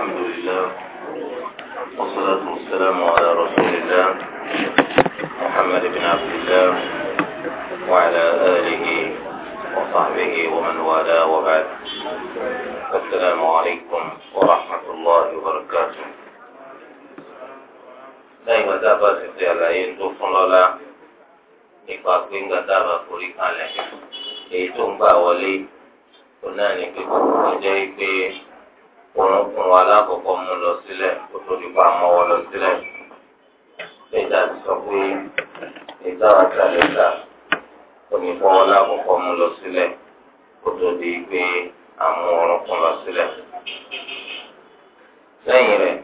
الحمد لله والصلاة والسلام على رسول الله محمد بن عبد الله وعلى آله وصحبه ومن والاه وبعد السلام عليكم ورحمة الله وبركاته lẹ́yìn gbàtà في العين ṣe àlàyé tó fún lọ́la في pé gbàtà bá forí kalẹ̀ èyí tó ń òun wa alákọ̀ọ́kọ́ mú lọ sílẹ̀ kó tó di pa mọ́wọ́ lọ sílẹ̀. Ìjà ti sọ pé ìjà àtàlẹ́ta onífọwọ́ alákọ̀ọ́kọ́ mú lọ sílẹ̀ kó tó di pé lọ sílẹ̀. Lẹ́yìn rẹ̀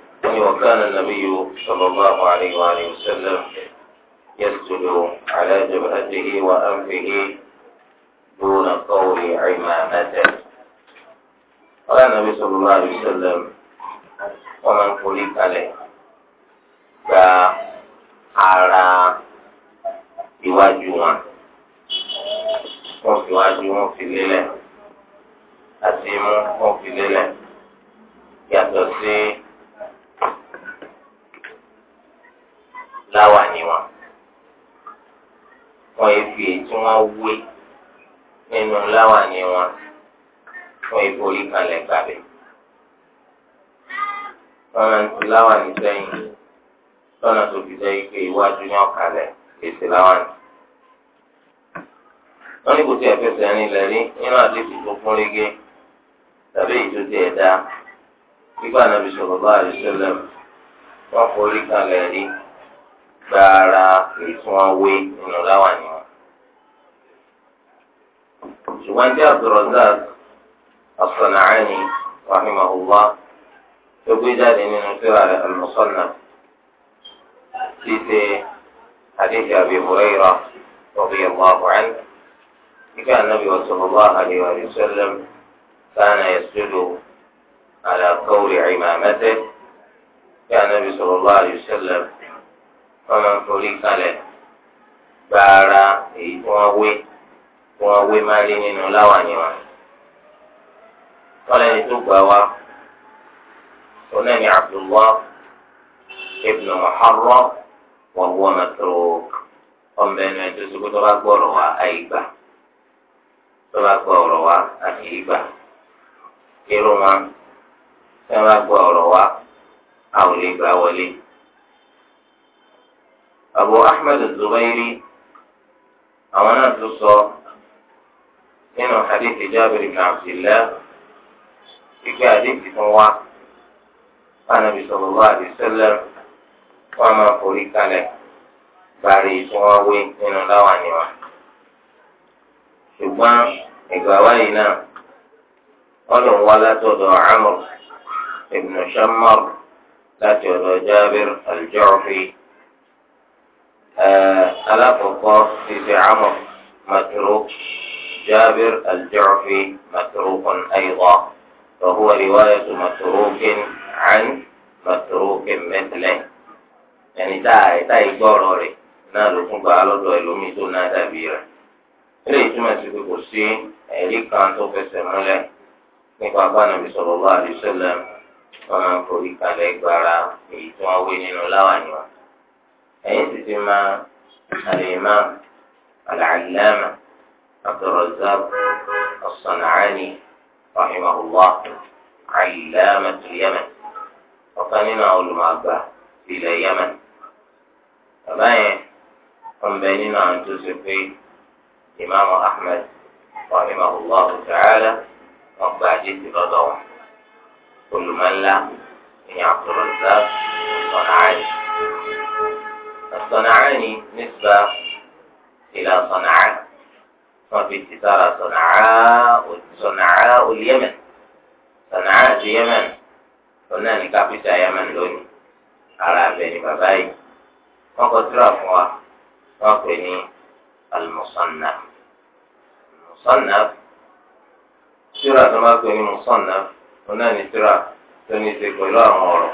ọlá nàbí sọlọlá àdìsẹlẹ wọn máa ń forí kalẹ̀ gba ara iwájú wọn wọn fi iwájú wọn fi lélẹ̀ àti imú wọn fi lélẹ̀ yàtọ̀ sí láwàní wọn wọn fi tí wọn wé nínú láwàní wọn fún ìforí kalẹ̀ gbàbẹ̀. lọ́nà tí láwọn ìsẹ́yìn lọ́nà tó fi jẹ́ pé iwájú yàn kalẹ̀ èsì láwọn. wọ́n ní kò tí ẹ̀ fẹsẹ̀ nílẹ̀ rí nínú àdéhùn tó fún régé tàbí ètò tí ẹ̀ dá nígbà nàbí sallallahu alaihi wasallam wọ́n forí kalẹ̀ rí gbàrà ìtún awé nínú láwọn àníwọ̀n. ṣùgbọ́n jẹ́ Abdurrazzaq. الصنعاني رحمه الله تقول ذلك من سورة المصنف في حديث أبي هريرة رضي الله عنه كان النبي صلى الله عليه وسلم كان يسجد على قول عمامته كان النبي صلى الله عليه وسلم ومن فريق له بارا إيه وهو ووي مالي من لواني wani ya yi tukpa wa ṣunani abdullawo ibn haram ma buwa na turu oka ọ bụ banyere ya ce sukuta raguwarwa a yi ba ya raguwarwa a fiye ba, iroon ya raguwarwa a wule ba wule. abu ahmadu zurairi a wani dusọ ịnụ hadith jabiru ma'azị allah ìgbé àdéhùn tó wá Ànábì sallallahu alaihi wasallam wọn máa forí kalẹ̀ bàrí tí wọn wé nínú láwọn àníwá ṣùgbọ́n ìgbà wáyé náà wọn lò ń wá látọ̀dọ̀ Amr ibn Shammar láti ọ̀dọ̀ Jabir al-Ju'fi alákọ̀ọ́kọ́ ti fi Amr matruk Jabir al-Ju'fi matrukun aydan. فهو رواية متروك عن متروك مثله يعني تا تا يقول ري نالو تنقى على دو إلومي تو نادا بيرا إلي تما سيكو إلي كان تو في ملي نقى النبي صلى الله عليه وسلم وما فوري كان لإكبارا إيتما وينين ولاواني أين تتما الإمام العلامة عبد الرزاق الصنعاني رحمه الله علامة اليمن وقامنا أول ما أبه إلى اليمن وما يقوم إيه، بيننا أن تسفي إمام أحمد رحمه الله تعالى جد بضوح كل من لا يعطر الزاب صنعاني الصنعاني نسبة إلى صنعات صاحب الستارة صنعاء صنعاء اليمن صنعاء اليمن فنان كابتا يمن لون على بين باباي فقد رفوا فقني المصنف المصنف سورة ما المصنف مصنف فنان سورة توني سيقول أمور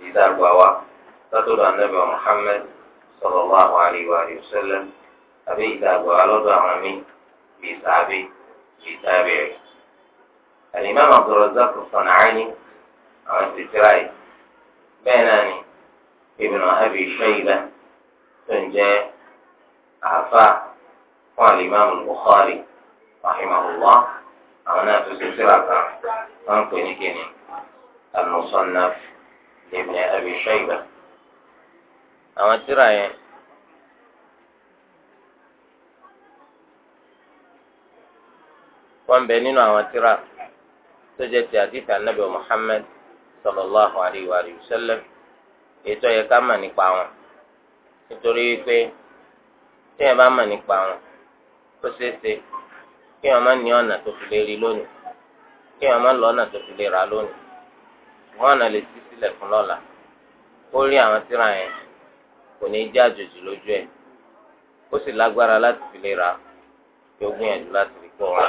في دار تطلع النبي محمد صلى الله عليه وآله وسلم àbí ìtàgbọ́ alọ́dọ̀ àwọn míì bíi sàbí bíi tábìrì. Al-Imam Abdurrazzaq As-San'ani àwọn ti tira yìí bẹ́ẹ̀ náà ni Ibn Abi Shaybah tó ń jẹ́ àáfà fún Al-Imam Bukhari rahimahullah àwọn náà tó ti tira kan wọ́n ń pè ní kíni Al-Musannaf Ibn Abi Shaybah àwọn tira yẹn. wọn bẹ nínú àwọn tíra tó jẹ́ ti àdìsí anábẹ Muhammad sallallahu alayhi wa sallam ètò yẹ ká mà nípa wọn nítorí wípé tí yẹn bá mà nípa wọn ó ṣeéṣe kí wọn má ní ọ̀nà tó fi lè rí lónìí kí wọn má lọ ọ̀nà tó fi lè rà lónìí wọn ọ̀nà lè ṣí sílẹ̀ fún lọ́la ó rí àwọn tíra yẹn kò ní í jẹ́ àjòjì lójú ẹ̀ ó sì lágbára láti fi lè rà yóò gbìyànjú láti fi kó wa.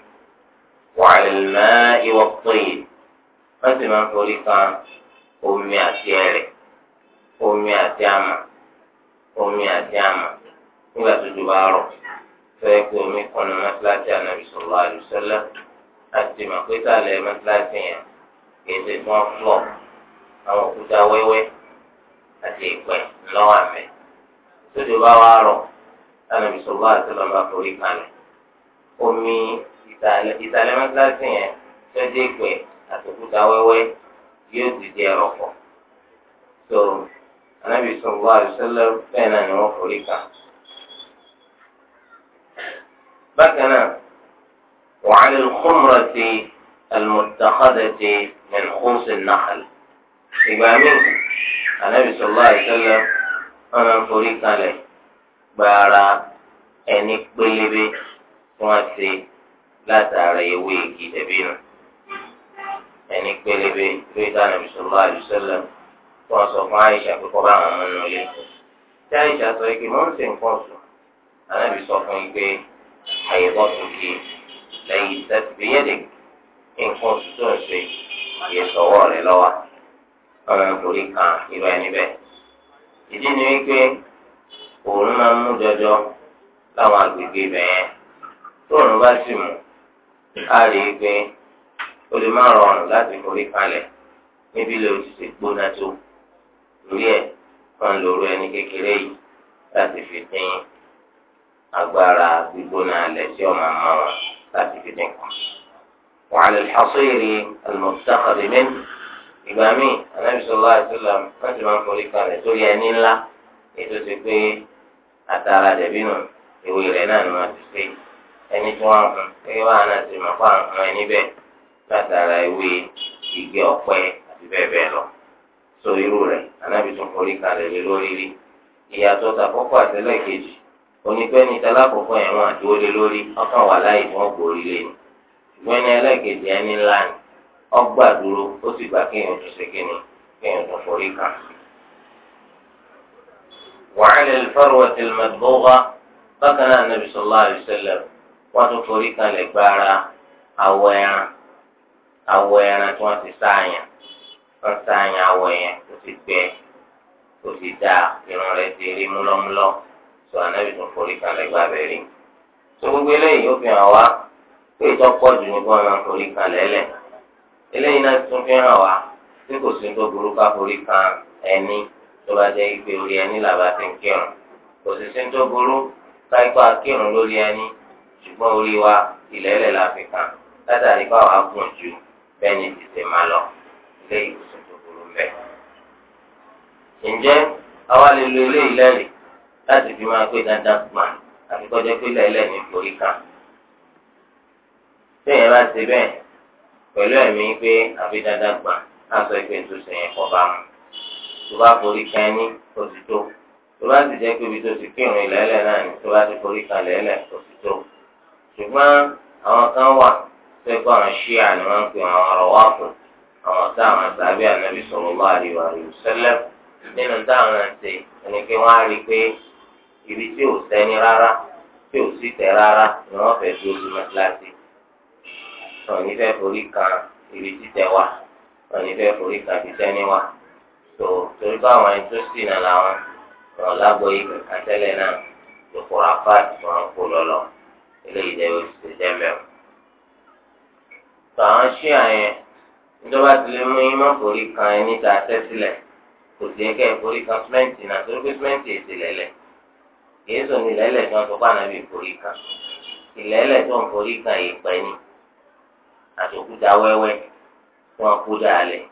وعلى الماء والطين wọ́n sì máa ń forí kan omi àti ẹ̀rẹ̀ omi àti àmà omi àti àmà nígbà tó ju bá rọ̀ fẹ́ pé omi kan ní mọ́tíláṣí ànábì sallallahu alaihi wasallam àti màpẹ́sàlẹ̀ mọ́tíláṣí yẹn kì í ṣe fún ọ́fúlọ̀ àwọn òkúta wẹ́wẹ́ àti ìpẹ́ lọ́wọ́ àmẹ́ tó ju bá wá rọ̀ ànábì sallallahu alaihi wasallam forí kalẹ̀ omi ìsàlẹ̀ mọ́tíláṣí yẹn tó dé pé àtòkúta wẹ́wẹ́ yóò ti di ẹ̀rọ pọ̀ tó anábì sọ̀rọ̀ àdùsọ́lẹ̀ bẹ́ẹ̀ náà ni wọ́n forí kà. bákan náà wọ́n á lè وعلى الخمرة المتخذة من خمس nàkàlẹ̀. ìgbà míì ànábì sọlá ìṣẹlẹ wọn máa ń forí kalẹ̀ gbàrà ẹni pélébé tí wọn ṣe látara ewé igi dẹbìnú ẹni pélébé lórí dáná bisalòlá àdùsẹlẹ tó wọn sọ fún àyíṣà pé kọba àwọn ọmọ inú ilé tí àyíṣà sọ pé mọ ń ṣe nǹkan sùn ànábì sọ fún yín pé àyẹ̀wò tó kí lẹ́yìn ìtẹ́síbí nǹkan sùn tó ń ṣe yẹ sọ̀wọ́ rẹ̀ lọ́wọ́ ọmọ ìkórè kan irú ẹni bẹ́ẹ̀ ìdí ni wípé òun máa ń mú jọjọ láwọn agbègbè ibẹ̀ tóun bá sì mú a rí i pé o lè má rọrùn láti forí kalẹ̀ níbi ilé òtítì gbóná tó lórí ẹ̀ kàn lóru ẹni kékeré yìí láti fi dín agbára gbígbóná alẹ̀ tí ọmọ àmọ́ wọn láti fi dín kù. وعلى الحصير المفتخر منه ìgbà míì anábì sọlá àtúlà wọn ti máa ń forí kalẹ̀ sórí ẹni ńlá ètò ti pé àtàrà dẹ̀bí ìwé rẹ̀ náà ni wọ́n ti pé ẹni tí wọ́n hun gẹ́gẹ́ bá àná ti máa fún àwọn ẹni bẹ́ẹ̀ látara ewé igi ọ̀pẹ àti bẹ́ẹ̀ bẹ́ẹ̀ lọ so irú rẹ̀ anábì tún forí kalẹ̀ lé lórí rí ìyàtọ̀ tàkọ́kọ́ àtẹ́lẹ̀ kejì onígbẹ́ni talákọ̀ọ́kọ́ yẹn àdúró lé lórí ọkàn wà láyé tí wọ́n gòrí lé ni ṣùgbọ́n ẹni ẹlẹ́kejì ẹni ńlá ni ọgbà dúró ó sì gbà kéèyàn tún ṣe kíni kéèyàn tún forí kan. وعلى الفروة المدبوغة فكان النبي صلى الله عليه وسلم wọ́n tún forí kanlẹ̀ gbára awọ ẹran awọ ẹran tí wọ́n ti sáàyàn wọ́n sáàyàn awọ yẹn tó ti gbẹ tó ti dá irun rẹ̀ ti rí múlọ́múlọ́ tó ànábì tún forí kanlẹ̀ gbá bẹ̀rẹ̀ tó gbogbo eléyìí ó fi hàn wá pé ìtọ́pọ̀ jù ní kí wọ́n máa forí lẹ̀ eléyìí náà tún fi hàn wá tí kò sí tó burú ká forí kan ẹni tó bá jẹ́ ìgbé orí ẹni làbá ti ń kírun kò sì sí tó burú ká ikú akírun lórí ẹni ṣùgbọ́n orí wa ilẹ̀ la fi kàn látàrí báwa gùn ju bẹ́ẹ̀ tètè máa lọ ilé ìwòsàn tó burú bẹ́ẹ̀. ǹjẹ́ àwa lè lo ilé ìlẹ́rìí láti fi máa gbé dandan pa àti pé lẹ́lẹ́ ní forí kan. bẹ́ẹ̀ bá ti bẹ́ẹ̀ pẹ̀lú ẹ̀mí pé àbí dandan gbà á sọ ìpè tó ṣe kọ́ bá mu. tó bá forí kan ní oṣù tó bá sì jẹ́ pé ibi tó ti kírun ìlẹ́lẹ̀ náà ni tó bá ti forí kan lẹ́lẹ̀ oṣù ṣùgbọ́n àwọn kan wà sẹ́kọ̀ àwọn ṣíà ni wọ́n ń pè àwọn ọ̀rọ̀ wá fún àwọn táwọn àtàbí ànábì sallallahu alaihi wasallam nínú táwọn náà ṣe ẹni pé wọ́n á rí i pé ibi tí ò sẹ́ni rárá tí ò sí tẹ̀ rárá ni wọ́n fẹ́ dúró sí mọ́tíláṣí ọ̀ní fẹ́ forí kan ibi títẹ̀ wá ọ̀ní fẹ́ forí kan ibi tẹ́ni wá tó torí báwọn ẹni tó sì náà làwọn ọ̀làgbọ̀ yìí kàkà tẹ́lẹ̀ náà lòpọ̀ àpá àti wọn kó lọ́lọ́ eléyìí jẹ́ oṣù jẹ́mẹ̀ o. tó àwọn ṣíà yẹn ìjọba ti lè mú yín má forí kan ẹ níta àtẹ́sílẹ̀ kò sí kẹ́ ẹ forí kan símẹ́ǹtì náà torí pé símẹ́ǹtì èsì lẹ́lẹ̀ kìí sọ ní ìlẹ́lẹ̀ tí wọ́n sọ fún ànábì forí kan ìlẹ́lẹ̀ tó ń forí kan yìí pẹ́ ni àtòkúta wẹ́wẹ́ tí wọ́n kú dáalẹ̀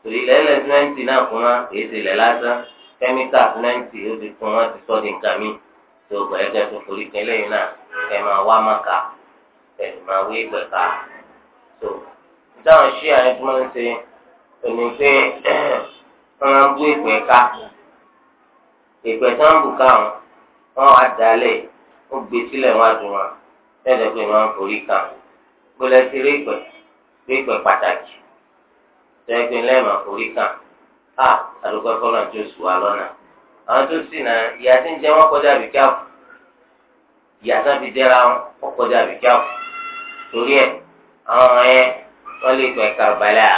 torí ìlẹ́lẹ̀ símẹ́ǹtì náà fún wa lẹ́ lásán kẹ́míkà símẹ́ǹtì ó ti fún wọn ti sọ́ tó gbà ẹgbẹ́ tó forí kan lẹ́yìn náà ẹ máa wá màkà ẹ máa wé gbẹ̀ka tó dáhùn sí àyè tó máa ń ṣe òní pé wọ́n máa ń bú ìpẹ́ ká ìpẹ́ tó ń bù káwọn wọ́n wá dalẹ̀ ó gbé sílẹ̀ wọn àdùn wọn lẹ́dọ̀ pé wọ́n forí kan gbọ́dọ̀ ti rí ìpẹ́ rí ìpẹ́ pàtàkì tẹ́gbẹ́ lẹ́ẹ̀mà forí kan á àdúgbò fọlọ́n tó sùn wá lọ́nà àwọn tó sì náà ìyá tí ń jẹ wọn kọjá àbíkí àpò ìyá tó fi jẹra wọn kọjá àbíkí àpò torí ẹ àwọn yẹn wọn lè pẹ karbala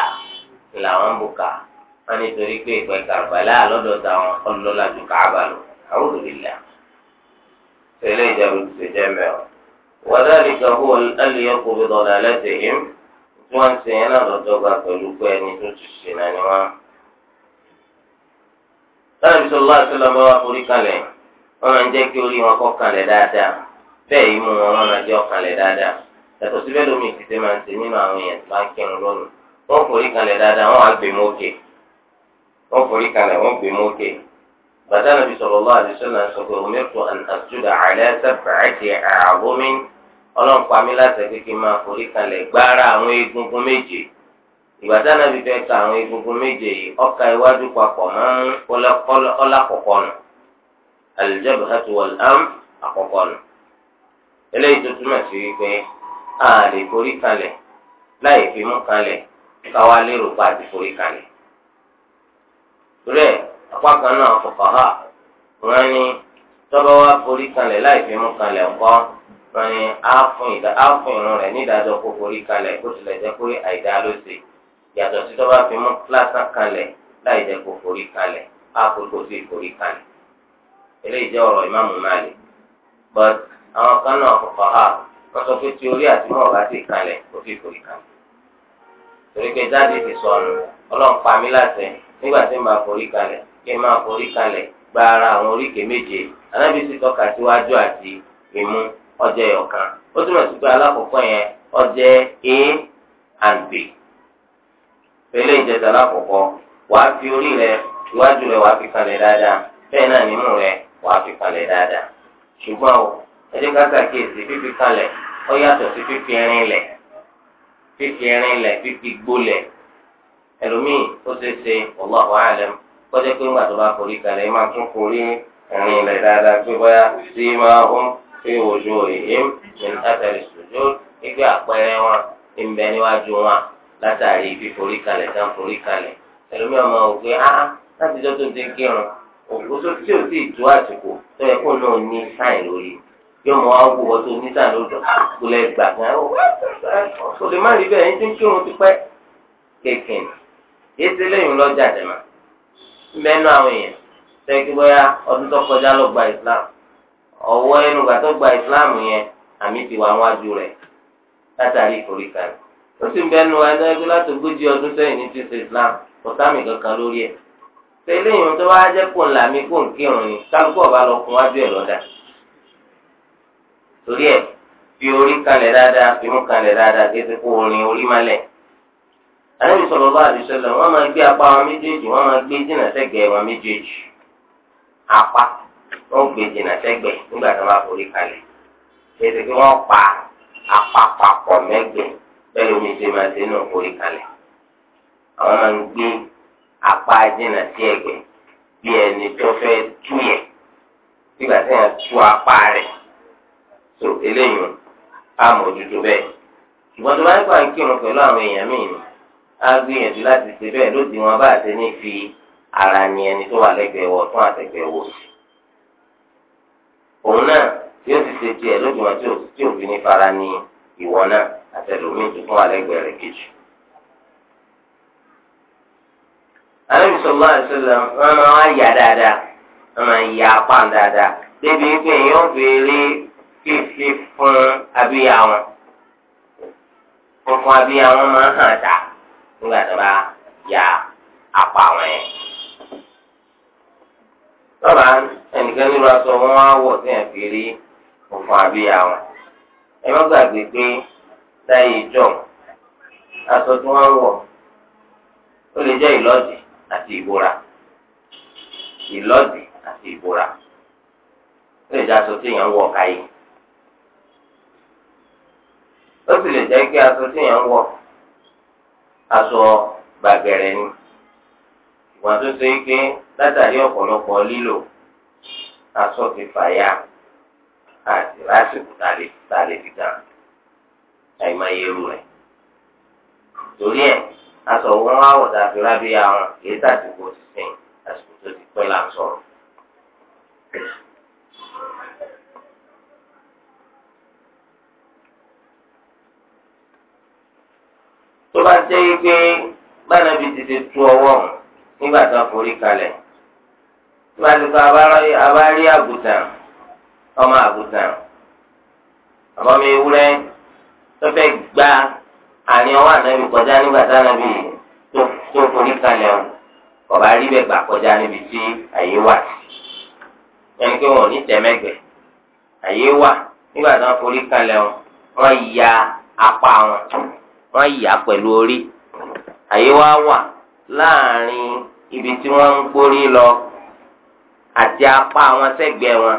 làwọn bò ká wọn nítorí pé pẹ karbala lọ́dọ̀ táwọn ọlọlá ju káàbà lọ àwọn olùdílà tẹ́lẹ̀ ìjẹun ti ṣe jẹ mẹ́rin. وذلك هو الأليق بضلالتهم وأن سينا ردوك فلوك أن تشينا نواه láàrin sọlá àtúlọ bá wà forí kalẹ̀ wọn máa ń jẹ́ kí orí wọn kọ́ kalẹ̀ dáadáa bẹ́ẹ̀ imú wọn wọn máa jẹ́ ọ̀kalẹ̀ dáadáa yàtọ̀ síbẹ̀ lómi ìtìtẹ́ máa ń tẹ̀ nínú àwọn èèyàn tó ń kírun wọn forí bàtà nàbí sọ pé an ala sab'ati a'zumi ọlọ́run pa láti ẹgbẹ́ kí n máa forí gbára àwọn ìgbàdá náà fi fẹ́ ka àwọn egungun méje yìí ọkà iwájú papọ̀ máa ń ọlákọ̀kọ́ nù al-jabhatu wal àkọ́kọ́ nù. eléyìí tó túmọ̀ sí wípé a lè forí kalẹ̀ láì fi mú kalẹ̀ káwa lérò pa àti forí kalẹ̀. rẹ̀ apá kan náà fuqaha wọ́n ní tọ́ba wa forí kalẹ̀ láì fi mú kalẹ̀ ọ̀kọ́ wọ́n ní á fún ìrún rẹ̀ nídàájọ́ kó forí kalẹ̀ kó tilẹ̀ jẹ́ pé àìdá ló ṣe yàtọ̀ sí tọ́ba fi mú lásán kalẹ̀ láì jẹ́ kó forí kalẹ̀ àkókò sí ìforí kalẹ̀ eléyìí jẹ́ ọ̀rọ̀ ìmáàmù Malik but àwọn kan náà kọ̀kọ́ ha wọ́n sọ pé tí orí àti mọ̀ bá sì kalẹ̀ kó sì forí kalẹ̀ torí pé jáde ti sọnù ọlọ́run pa mí láṣẹ nígbà tí màá forí kalẹ̀ kí n máa forí kalẹ̀ gba ara àwọn oríkèé méje anábì sì tọ́ka síwájú àti ìmú ọjọ́ ẹ̀yọ̀kan ó túmọ̀ sí pé alákọ̀ọ́kọ́ yẹn ọjọ́ a and b. pẹ̀lẹ́ ìjẹta lákòókò wàá fi orí rẹ iwájú rẹ wàá fi kalẹ̀ dáadáa fe náà rẹ wàá fi kalẹ̀ dáadáa ṣùgbọ́n o ẹ jẹ́ ká fífi kalẹ̀ ó yàtọ̀ sí fífi irin lẹ̀ fífi irin lẹ̀ fífi gbólẹ̀ ẹlòmíì ó ṣe ṣe wallahu alam kọjá pé ńgbà tó bá forí kalẹ̀ ẹ máa tún forí irin lẹ̀ dáadáa pé bóyá sí máa ń látàrí fíforí kalẹ̀ tán forí kalẹ̀ ẹlòmí ọmọ ògbé áá láti jọ́ tó ti kírun òkúso tí ò sì tó àsìkò tó yẹ kó náà ní sáìn lórí yóò mọ àwọn tó ní sáìn kan ó lè má rí bẹ́ẹ̀ ẹni tí ń kírun ti pẹ́ kékin lẹ́yìn lọ́jà mẹ́nu àwọn èèyàn tẹ́kí ọdún tó kọjá lọ gba Islam ẹnu ó sì ń bẹnu ẹgbẹ́ láti ogójì ọdún sẹ́yìn ní ti ṣe Islam kọ̀tà mi kankan lórí ẹ̀ ṣe eléyìí tó bá jẹ́ kó ńlá kó ni kálukú ọba lọ kún wájú ẹ̀ lọ́dà torí ẹ̀ fi orí kanlẹ̀ dáadáa fi mú kanlẹ̀ dáadáa kí ẹsẹ̀ kó orin orí má lẹ̀ Ànábì sallallahu alaihi wasallam wọ́n máa gbé apá wọn méjèèjì wọ́n máa gbé sẹ́gbẹ̀ẹ́ wọn méjèèjì apá wọn gbé jìnnà sẹ́gbẹ̀ẹ́ nígbà tó bá pa apá papọ̀ mẹ́gbẹ̀ẹ́ bẹ́ẹ̀ ni ṣe máa ṣe náà forí kalẹ̀ àwọn máa ń gbé apá jìnnà sí ẹ̀gbẹ́ bí ẹni tó fẹ́ tú yẹ̀ nígbà tí wọ́n tú apá rẹ̀ tó eléyìí á a dúdú bẹ́ẹ̀ ṣùgbọ́n tó bá ń gbà ń kírun pẹ̀lú àwọn èèyàn míì ni á gbìyànjú láti ṣe bẹ́ẹ̀ lóde wọn bá ní fi ara ni ẹni tó wà lẹ́gbẹ̀ẹ́ wọ àtẹ̀gbẹ́ wò sí òun náà yóò ti ṣe tiẹ̀ ìwọ náà àtẹlómi tuntun wà lẹ́gbẹ̀ẹ́ rẹ̀ kejì. Ànábì sallallahu alaihi wasallam wọn máa ń yà dáadáa wọn máa yà apá dáadáa débi pé èèyàn béèrè fífi fún funfun máa hàn dá nígbà tó bá yà apá wọn yẹn. lọ́ba ẹnìkan aṣọ ẹ má gbàgbé pé láyé ìjọ aṣọ tí wọ́n lè jẹ́ àti ìbora ìlọ́dì àti ìbora ó lè jẹ́ aṣọ tí èèyàn ń káyé ó sì lè jẹ́ pé aṣọ tí èèyàn aṣọ ni àti rásìkò tá a lè fi dànù àìmọye irú rẹ̀ torí ẹ̀ aṣọ wọn wá wọ̀dà fi rábíyá wọn kìí sàtìkò sísìn àsìkò tó ti pẹ́ là ń sọ̀rọ̀. tó bá jẹ́ pé gbànàbí ti ti tú ọwọ́ nígbà tó forí kalẹ̀ tó bá abárí àgùntàn ọmọ àgùntàn àbọ̀mí ewúrẹ́ tó fẹ́ gba àní ọwọ́ ànábì kọjá nígbà tá ànábì tó forí kalẹ̀ o ọba rí bẹ́ẹ̀ gbà kọjá níbi tí àyè wà ẹni pé wọn ò ní tẹ̀mẹ́gbẹ̀ àyè wà nígbà tí wọ́n forí kalẹ̀ o wọ́n ya apá wọn wọ́n yà pẹ̀lú orí àyè wá wà láàrin ibi tí wọ́n ń gbórí lọ àti apá wọn sẹ́gbẹ̀ẹ́ wọn.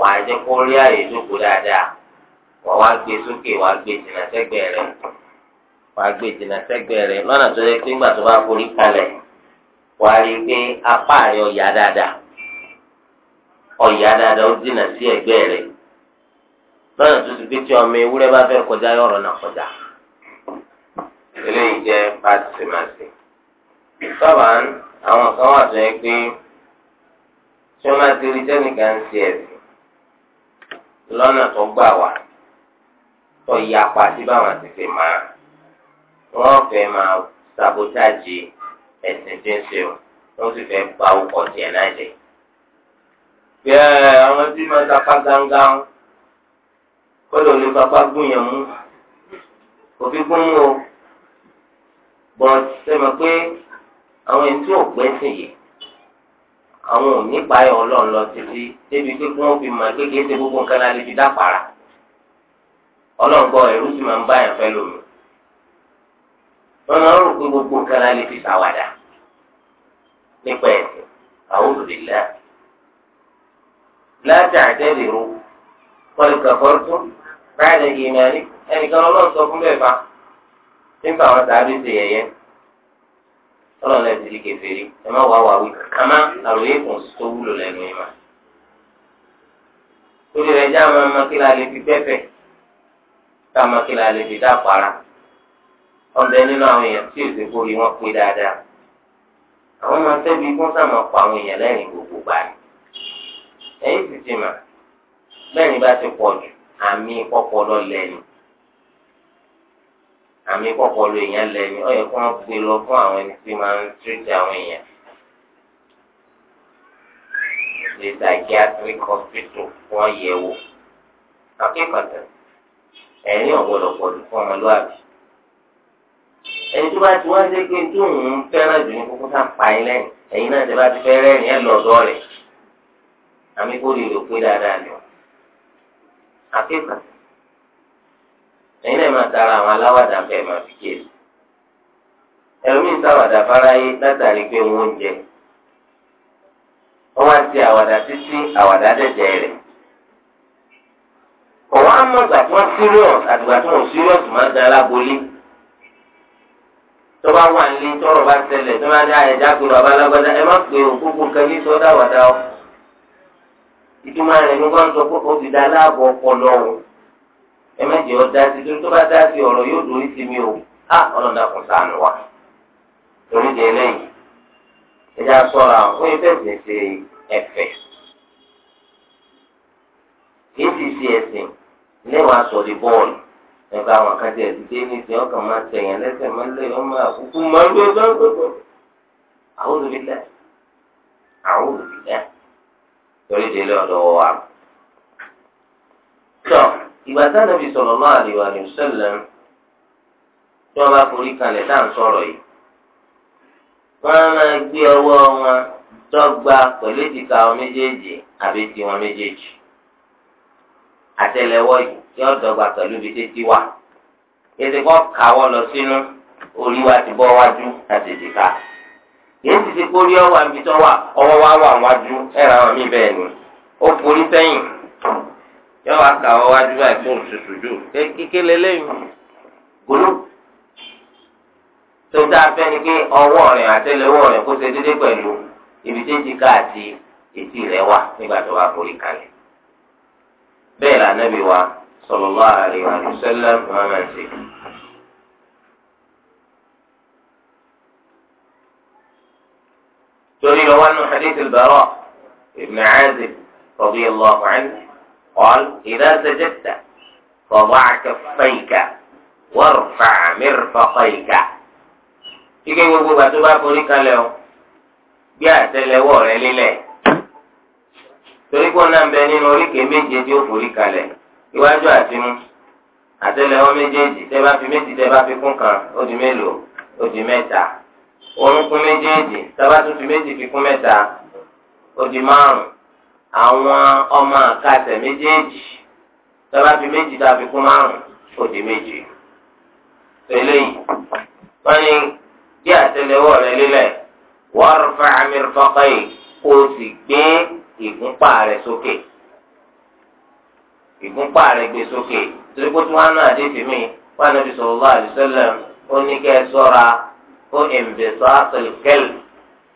wọ́n á jẹ́ kó rí àyè dáadáa wá gbé sókè wọ́n á gbé jìnnà sẹ́gbẹ̀ẹ́ rẹ̀ wà á gbé jìnnà sẹ́gbẹ̀ẹ́ rẹ̀ lọ́nà tó yẹ pé ńgbà tó bá forí kalẹ̀ wọ́n á rí i pé apá rẹ̀ ọ̀yà dáadáa ọ̀yà dáadáa ó jìnnà sí ẹ̀gbẹ́ rẹ̀ lọ́nà tó ti ọmọ ewúrẹ́ bá fẹ́ kọjá yọ̀rọ̀ lọ́nà tó gbà wá tó yapa sí báwọn ti fi máa wọ́n fẹ́ máa sabotage ẹ̀sìn tí ń ṣe o wọ́n sì fẹ́ ba ọkọ̀ tiẹ̀ náà jẹ. bẹ́ẹ̀ àwọn tí máa tapá gángan kọ́lọ̀ ní bàbá gbìyàn mú kò fi gún mú o bọ́n ṣe mọ̀ pé àwọn ẹni tí yìí. àwọn òní ọlọ ọlọ́run lọ títí débi pé kí wọ́n fi gbogbo nǹkan lálẹ́ fi dápàrà ọlọ́run gbọ́ ẹ̀rú sì máa ń bá yẹn lómi gbogbo nǹkan lálẹ́ fi nípa ẹ̀sìn àwọn olùdílé láti ẹnìkan sọ fún nípa àwọn ṣe ọlọ́run lẹ́yìn ti kéfè rí ẹ má wàá wàá wí àmọ́ àròyé kan tó wúlò lẹ́nu ẹ̀ mà. torí rẹ̀ jẹ́ àwọn ọmọ kí la lè fi bẹ́fẹ̀ tá ọmọ kí la lè fi dápara ọbẹ̀ nínú àwọn èèyàn tí èsè kórè wọn pé dáadáa àwọn ọmọ tẹ́bi kún sàmọ̀ pa àwọn èèyàn lẹ́yìn gbogbo gbàgbé ẹ̀yìn sì ti mà lẹ́yìn bá ti pọ̀ jù àmì pọ́pọ́ lọ lẹ́nu àmì kọ̀ọ̀pọ̀lọ èèyàn lẹ́yìn ọ̀yẹ́ kó wọ́n gbé lọ fún àwọn ẹni tí máa ń tírìtì àwọn èèyàn. the psychiatric hospital fún ọ̀yẹ̀wò akẹ́kọ̀ọ́tà ẹ̀rín ọ̀gbọ́dọ̀ pọ̀jù fún ọmọlúwàbí. ẹni tó bá ti wá sí pé tó ń fẹ́ràn jù ní kókó sáà pa ẹ lẹ́yìn ẹ̀yin náà ti bá ti fẹ́ rẹ́rìn ẹ̀ lọ́dọ̀ rẹ̀ àmì kó lè rò pé dáadáa ni akẹ́kọ̀ọ́tà ẹ̀yin náà máa tara àwọn aláwàdà fẹ́ máa fi kéèsì ẹlòmíín sáwàdà fáráyé látàrí pé wọ́n ń jẹ si awada ti àwàdà títí àwàdà dẹ̀jẹ̀ rẹ̀ òun á mọ̀ gbà tí máa da wà ní tọrọ bá ṣẹlẹ̀ tó dá ẹja pé bàbá ẹ má pé ní àwàdà ìtumọ̀ rẹ̀ ẹ má jẹ́ ọ dá sí torí tó bá dá sí ọ̀rọ̀ yóò dorí sí mi o á ọlọ́dà kò sànù wa torí di eléyìí ẹja sọ̀rọ̀ àwọn ẹgbẹ́ ìgbésẹ̀ ẹ̀fẹ̀ kìí sì ṣe ẹ̀sìn lẹ́wọ̀n aṣọ di bọ́ọ̀lù ẹ̀ka àwọn kan tẹ̀ ẹ̀sìn débi tí ọkàn máa tẹ̀yàn lẹ́sẹ̀ máa lé wọn máa kúkú máa lé gbogbo àwọn olùbílẹ̀ àwọn olùbílẹ̀ torí di ilé ọ̀dọ́ wa. So, ìgbà tá nàbì sallallahu alaihi wa sallam tí wọ́n bá forí kalẹ̀ tá à ń sọ̀rọ̀ yìí wọ́n á máa gbé ọwọ́ wọn dọ́gba pẹ̀lú ìdìka wọn méjèèjì àbí ti méjèèjì àtẹ́lẹwọ́ yìí yọ dọ́gba pẹ̀lú ibi títí wà ètò kan kàwọ́ lọ sínú orí wa ti bọ́ wájú àti ìdìka yìí ti ti kórí ọwọ́ àbí tọ́wà ọwọ́ wa wà wájú ẹ̀rọ àwọn bẹ́ẹ̀ ni ó forí sẹ́yìn yọ wá kà ọ wájú báyìí fún òṣùṣùjù kékeré lẹ́yìn gbóló tó dáa fẹ́ ni pé ọwọ́ rẹ̀ àtẹ́lẹwọ́ rẹ̀ kó ṣe déédéé pẹ̀lú ibi tí èjìká àti etí rẹ̀ wà nígbà tó wá forí kalẹ̀ bẹ́ẹ̀ lànàbí wa sallallahu alaihi wa sallam máa ń ṣe. torí lọ́wọ́ nù hadith al-Bara ibn Azib radiyallahu anhu. قال إذا سجدت فضع كفيك وارفع مرفقيك ike gbogbo ìgbà tó bá forí kalẹ̀ o gbé àtẹ́lẹwọ́ rẹ lélẹ̀ torí kó náà ń bẹ nínú oríkèé méje tí ó forí kalẹ̀ iwájú àtinú àtẹ́lẹwọ́ méjèèjì tẹ́ bá fi méjì tẹ́ bá fi kún kan ó di mélòó ó di mẹ́ta orúnkún méjèèjì tá bá tún fi méjì fi kún mẹ́ta ó di márùn àwọn ọmọ àkàtẹ̀ méjèèjì tọ́lá fi méjì tá a fi kún márùn ó di méje tẹ́lẹ̀ yìí wọ́n ní bí àtẹ́lẹwọ́ rẹ lélẹ̀ warfa mirfaqayhi kó o sì gbé ìgúnpá rẹ sókè ìgúnpá rẹ gbé sókè torí pé tí wọ́n náà dé tèmi wọ́n á nàbí sallallahu alaihi wasallam ó ní kẹ́ ẹ sọ́ra ó ìmbẹ̀sọ́ àtẹ̀lẹ́kẹ́lẹ́.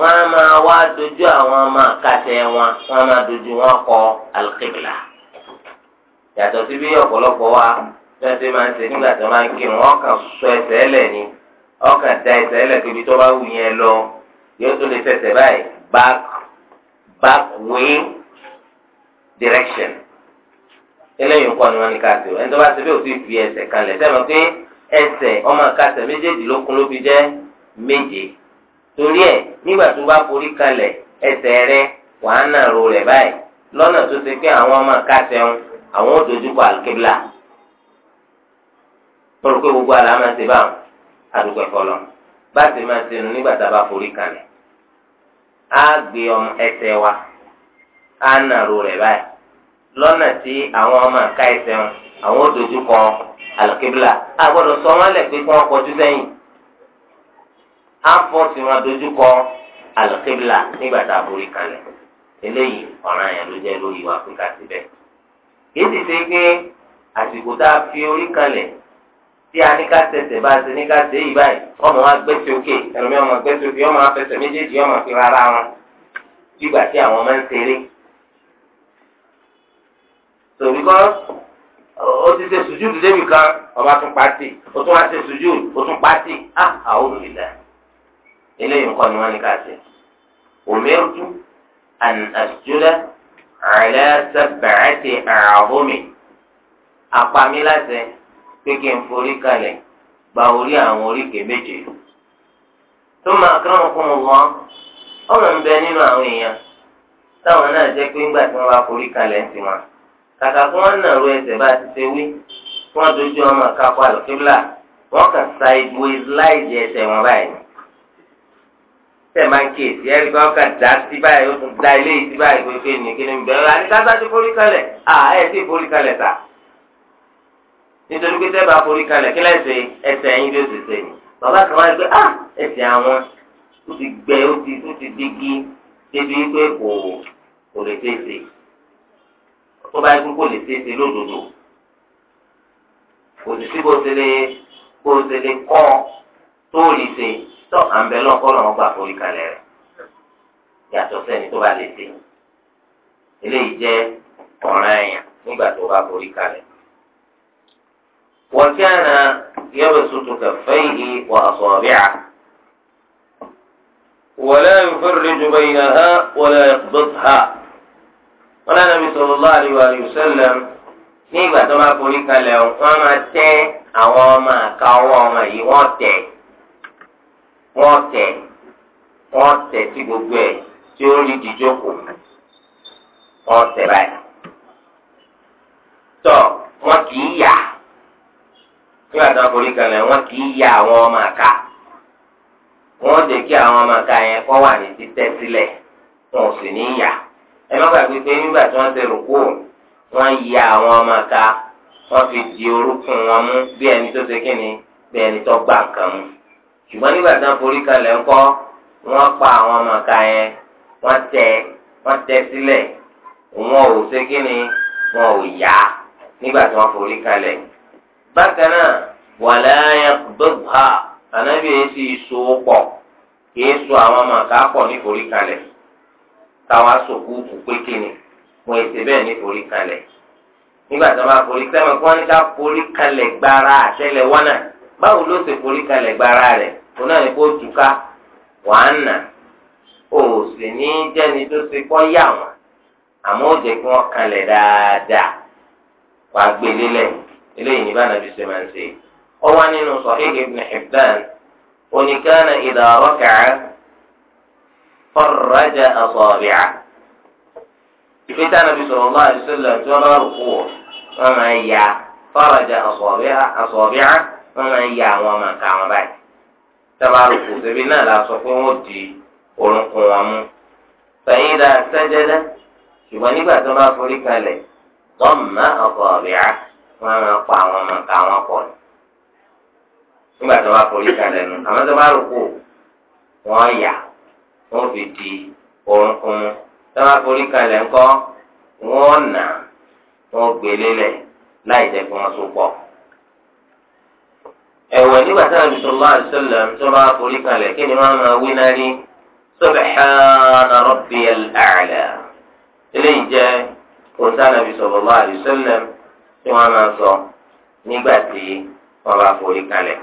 wọ́n á máa wá dojú àwọn ọmọ àkàtẹ́ wọn wọ́n á máa dojú wọn kọ alqibla yàtọ̀ sí bí ọ̀pọ̀lọpọ̀ wa tẹ́tí máa ń ṣe nígbà tó máa ń kírun ọkàn sọ ẹsẹ̀ ẹlẹ̀ ni ọkàn da ẹsẹ̀ ẹlẹ̀ kébi tó bá wù yẹn lọ yóò tó lè fẹsẹ̀ báyìí back back way direction eléyìí nǹkan ni wọ́n ní ká ṣe o ẹni tó bá ṣe bí o ti fi ẹsẹ̀ kalẹ̀ sẹ́wọ̀n pé ẹsẹ̀ ọmọ àkàtẹ̀ méjèèjì ló ló fi jẹ́ méje torí ẹ nígbà tó bá forí kalẹ̀ ẹsẹ̀ rẹ wàá nà ro rẹ̀ báyìí lọ́nà tó ṣe pé àwọn ọmọ kásẹ̀hún àwọn ò dojúkọ àlùkébìlà mo rò pé gbogbo àlá máa ṣe báwọn àdúgbò ẹ̀fọ́ bá ti máa ṣe nu nígbà tá a bá forí kalẹ̀ á gbé ọmọ ẹsẹ̀ wa á nà ro rẹ̀ báyìí lọ́nà tí àwọn ọmọ ká ẹsẹ̀hún àwọn ò dojúkọ àlùkébìlà sọ wọn lẹ̀ pé kí wọ́n kọjú sẹ́yìn á fọ́ sí wọn dojúkọ alùkébìlà nígbà tá a borí kalẹ̀ eléyìí ọ̀ràn yẹn ló jẹ́ lórí wa pé ká ti bẹ̀. kìí ti ṣe pé àsìkò tá a fi orí kalẹ̀ tí a ní ká tẹsẹ̀ bá a ṣe ní ká ṣe yìí báyìí ọmọ wa gbẹ́sẹ̀ òkè ẹlòmíì ọmọ gbẹ́sẹ̀ òkè ọmọ afẹsẹ̀ méjèèjì ọmọ fi rárá wọn nígbà tí àwọn máa ń ṣeré. so because o ti ṣe sùjúdù débi kan ọba tún pàtì o tún wá ṣe sùjúdù o tún pàtì ah àwọn olùdílẹ̀ eléyìí nǹkan ni wọ́n ní ká ṣe. umirtu an asjuda ala sab'ati a'zumi apami láṣẹ pé kí n forí kalẹ̀ gba orí àwọn oríkèé méje. thumma akramakumullah ọmọ ń bẹ nínú àwọn èèyàn táwọn náà jẹ́ pé ńgbà tí wọ́n bá forí kalẹ̀ ń tiwọn kàkà kí wọ́n nà ro ẹsẹ̀ bá ti ṣe wí kí wọ́n dojú ọmọ kápá lọ́kíbla wọ́n kàn sa ìgbò ìláìjẹ ẹsẹ̀ wọn báyìí tẹ̀ máa ń kíyèsí ẹ̀rí kan kà dá sí báyìí ó tún dá ilé yìí sí báyìí pé ní kíni bẹ́ẹ̀ àníkàtà ti forí kalẹ̀ à ẹ̀ ti forí kalẹ̀ ta nítorí pé tẹ́ẹ̀ bá forí kalẹ̀ kí lẹ́sẹ̀ ẹsẹ̀ ẹ̀yin bí ó ti sẹ́yìn bàbá kan wáyé pé à ẹsẹ̀ àwọn ó ti gbẹ ó ti ó ti dígí débi pé kò kò lè tẹ̀sẹ̀ tó bá ikú kò lè tẹ̀sẹ̀ lódodo kò sí bó ṣe lè bó ṣe lè kọ́ tó rí ṣe tọ́ à ń bẹ lọ́n kọ́ lọ́n gba orí kalẹ̀ rẹ̀ yàtọ̀ sẹ́ni tó bá lè dé eléyìí jẹ́ ọ̀ràn ẹ̀yàn nígbà tó bá forí kalẹ̀. wọ́n kẹ́hìnà yabsutu kaffayhi wa asabi'ah. wala yufarriju baynaha wala yaqbidha. wọ́n lẹ́nu Nabi sallallahu alayhi wa sallam nígbà tó bá forí kalẹ̀ wọ́n máa tẹ́ àwọn ọmọ àkàwọ́ ọmọ yìí wọ́n tẹ̀. wọ́n tẹ̀ wọ́n sí gbogbo ẹ̀ tí ó rí ìdíjókòó wọ́n tẹ̀ báyìí. tọ́ wọ́n kì í yà nígbà tí wọ́n forí kalẹ̀ wọ́n kì í yà àwọn ọmọ àká wọ́n jẹ́ kí àwọn ọmọ àká yẹn kọ́ wà ní títẹ sílẹ̀ wọn ò sì ní yà ẹ má gbàgbé pé nígbà tí wọ́n ti rùkú wọ́n yà àwọn ọmọ àká wọ́n fi di orúkún wọn mú bí ẹni tó ṣe kí bí ẹni tó gbà nǹkan mú. ṣùgbọ́n nígbà tí wọ́n forí kalẹ̀ ńkọ́ wọ́n pa àwọn ọmọ ká yẹn wọ́n tẹ wọ́n tẹ sílẹ̀ wọn ò ṣe kí ni wọn ò yá nígbà tí wọ́n forí kalẹ̀. bákan náà wàlẹ́ ayẹ gbẹ́gbà ànábì èsì ìṣó pọ̀ kì í so àwọn ọmọ ká pọ̀ ní forí kalẹ̀ káwa sòkú kú pé kí ni wọn èsì bẹ́ẹ̀ ní forí kalẹ̀ nígbà tí wọ́n bá forí kalẹ̀ wọ́n ní ká forí kalẹ̀ gbára àtẹ́lẹ̀ wọ́n náà. báwo ló ṣe forí kalẹ̀ gbára rẹ̀ òun náà ní kó túká wàá nà ó sì ní jẹ́ni tó ṣe kọ́ yà wọ́n àmọ́ ó jẹ́ kí wọ́n kalẹ̀ dáadáa wàá gbé lélẹ̀ eléyìí ní báyìí ṣe máa ń ṣe ó wá nínú Sahih Ibn Hibban oníkanà idha raka'a farraja asabi'ah ìfẹ́tà tí wọ́n wọ́n máa ń ya àwọn ọmọ nǹkan awọn báyìí tabaruku ṣebí náà na sọ pé wọ́n di orunkun wọn mú sẹ́yìn dá sẹ́jẹ́dẹ́ ṣùgbọ́n nígbà tó bá forí máa pa àwọn ọmọ nígbà tó bá forí nù yà di orunkun mú bá forí nà gbélé láì kí ẹ̀wẹ̀ nígbà tí Ànábì sallallahu alaihi wasallam tó bá forí kalẹ̀ kí ni wọ́n máa wí náà rí subhana rabbiyal a'la eléyìí jẹ́ kòtà Ànábì sallallahu alaihi wasallam tí wọ́n máa sọ nígbà tí wọ́n bá forí kalẹ̀.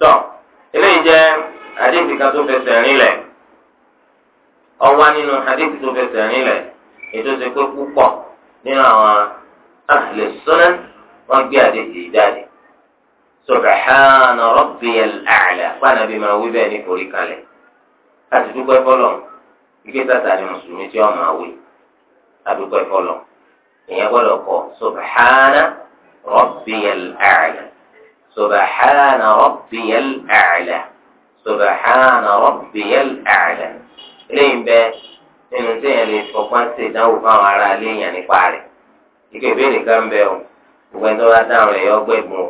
tọ́ eléyìí jẹ́ àdéhùn kan tó fẹsẹ̀ rinlẹ̀ ọwọ́ nínú àdéhùn tó fẹsẹ̀ rinlẹ̀ ètò ìsìnkú púpọ̀ nínú àwọn àlè wọ́n gbé àdéhìí jáde subhana rabbiyal a'la fáànà bí máa wí bẹ́ẹ̀ ní forí kalẹ̀ láti dúpẹ́ fọlọ́ ike tata ni mùsùlùmí tí wọ́n máa wí àdúpẹ́ fọlọ́ ìyẹn gbọ́dọ̀ kọ subhana rabbiyal a'la subhana rabbiyal a'la subhana rabbiyal a'la eléyìí bẹ́ẹ̀ nínú téèyàn lè fọpá ṣe ìdánwò fáwọn ará léèyàn nípa rẹ̀ ike ìbéèrè kan bẹ́ẹ̀ o gbogbo ẹni tó bá dáhùn rẹ̀ yọ gbẹ̀bùn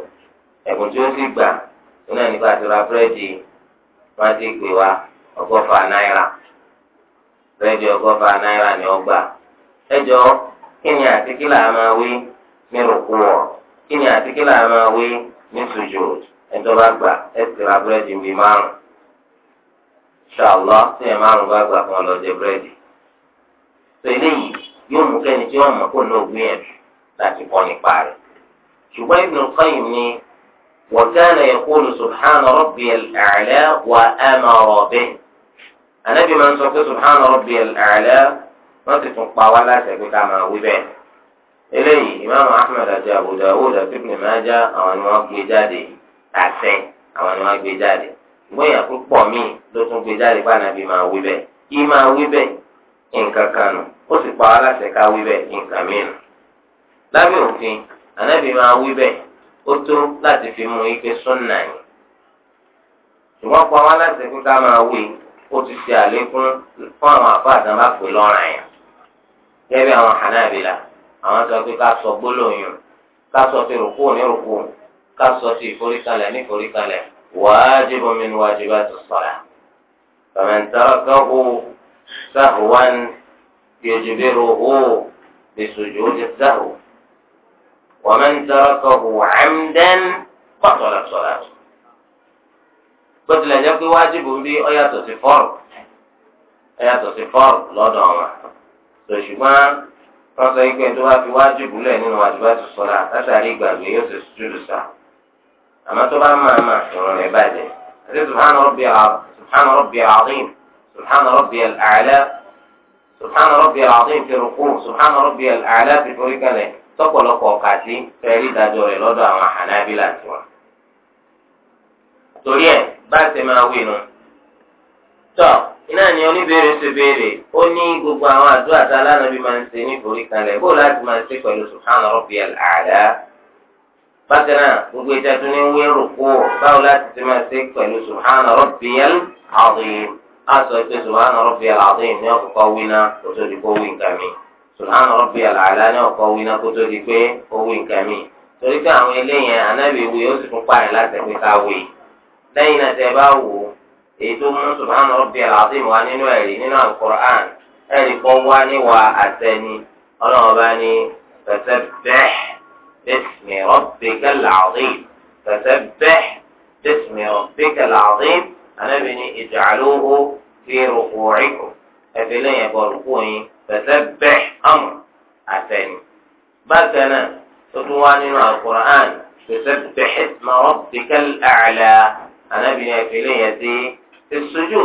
ẹ̀bùn tí ó sì gbà ó náà nípa àti búrẹ́dì wọn ti pè wá ọgọ́fà náírà búrẹ́dì ọgọ́fà náírà ni ó gbà ẹjọ́ kí ni àtíkílà máa wí ní rògbò wọ̀ kí ni àtíkílà máa wí ní sùjò ẹni tó bá gbà ẹ sì ra búrẹ́dì bíi márùn ṣàlọ́ tí ẹ márùn bá gbà fún ọ búrẹ́dì tó eléyìí yóò mú kẹ́ni tí wọ́n mọ̀ kó ní ògbìyànjú láti bọ́ nípa rẹ̀ ṣùgbọ́n Ibn Qayyim ni wa kana yaqulu subhana rabbiyal a'la wa amara bihi anabi máa ń sọ pé subhana rabbiyal a'la wọ́n ti tún pa wá láti ẹ̀gbẹ́ ká máa wí bẹ́ẹ̀ eléyìí imaamu ahmed àti abu dawud àti ibn majah àwọn ni wọ́n gbé jáde àṣẹ àwọn ni wọ́n gbé jáde ìwé yẹn púpọ̀ míì ló tún gbé jáde bá nàbí máa wí bẹ́ẹ̀ kí máa wí bẹ́ẹ̀ nǹkan kan nù ó sì pa wá láti ẹ̀ka wí bẹ́ẹ̀ nǹkan mìíràn lábẹ́ òfin ànábì máa wí bẹ́ẹ̀ ó tó láti fi mú ike súnà yìí ṣùgbọ́n pa wá láti fi ká máa wí ó ti ṣe àlékún fún àwọn àfa àtàbà pè lọ́ràn yẹn gẹ́gẹ́ àwọn hànábìlà àwọn sọ pé ká sọ gbólóyún ká sọ ti rùkú ní rùkú ká sọ ti ìforíkalẹ̀ ní ìforíkalẹ̀ wájibù min wájibati ssalah faman tarakahu sahwan yujbiruhu bisujudi sahwi. ومن تركه عمدا بطلت صلاته بدل جبت واجب دي ايات صفار ايات صفار لا دعوة تشبان فرصة يكون انتوها في واجب لأن واجبات الصلاة أساري قبل يوسف جلسة أما تبع ما أما شرون عباده سبحان ربي عظيم سبحان ربي العظيم سبحان ربي الأعلى سبحان ربي العظيم في الركوع سبحان ربي الأعلى في فريق الأعلى tọ̀pọ̀lọpọ̀ kàtí fẹẹrí ìdájọ́ rẹ̀ lọ́dọ̀ àwọn Hanabila tiwọn. torí ẹ̀ bá a máa wí nu. tọ́ iná ni oníbèrè ṣe béèrè ó ní gbogbo àwọn àdúrà tá alánàbí máa ń ṣe nítorí bó láti máa ṣe a'la. bákan náà gbogbo ìjà tó ní wí rúkú báwo láti ti máa ṣe pẹ̀lú subhana rabbiyal azim. a sọ pé subhana rabbiyal azim ní wí subhana rabbi alaala ní ọkọ wí náà kó tó di pé ó wí nǹkan mi torí pé àwọn eléyìí anábì wí ó sì tún pààyàn láti pé ká wí lẹ́yìn náà tẹ bá wò ó èyí tó mú subhana rabbi alaazim wá nínú ẹ̀rí nínú alukur'an ẹ̀rí kan wá níwà àtẹni ọlọ́run bá ní fasabbih bismi rabbikal azim fasabbih bismi rabbikal azim fẹsẹ̀bẹ̀ amọ̀ àtẹ̀yìn. bákan náà tó tún wá nínú alukur'an fẹsẹ̀bẹ̀ hisma rabbikal a'la anábìyẹn ìfìlẹ̀ yẹn ti ti sojú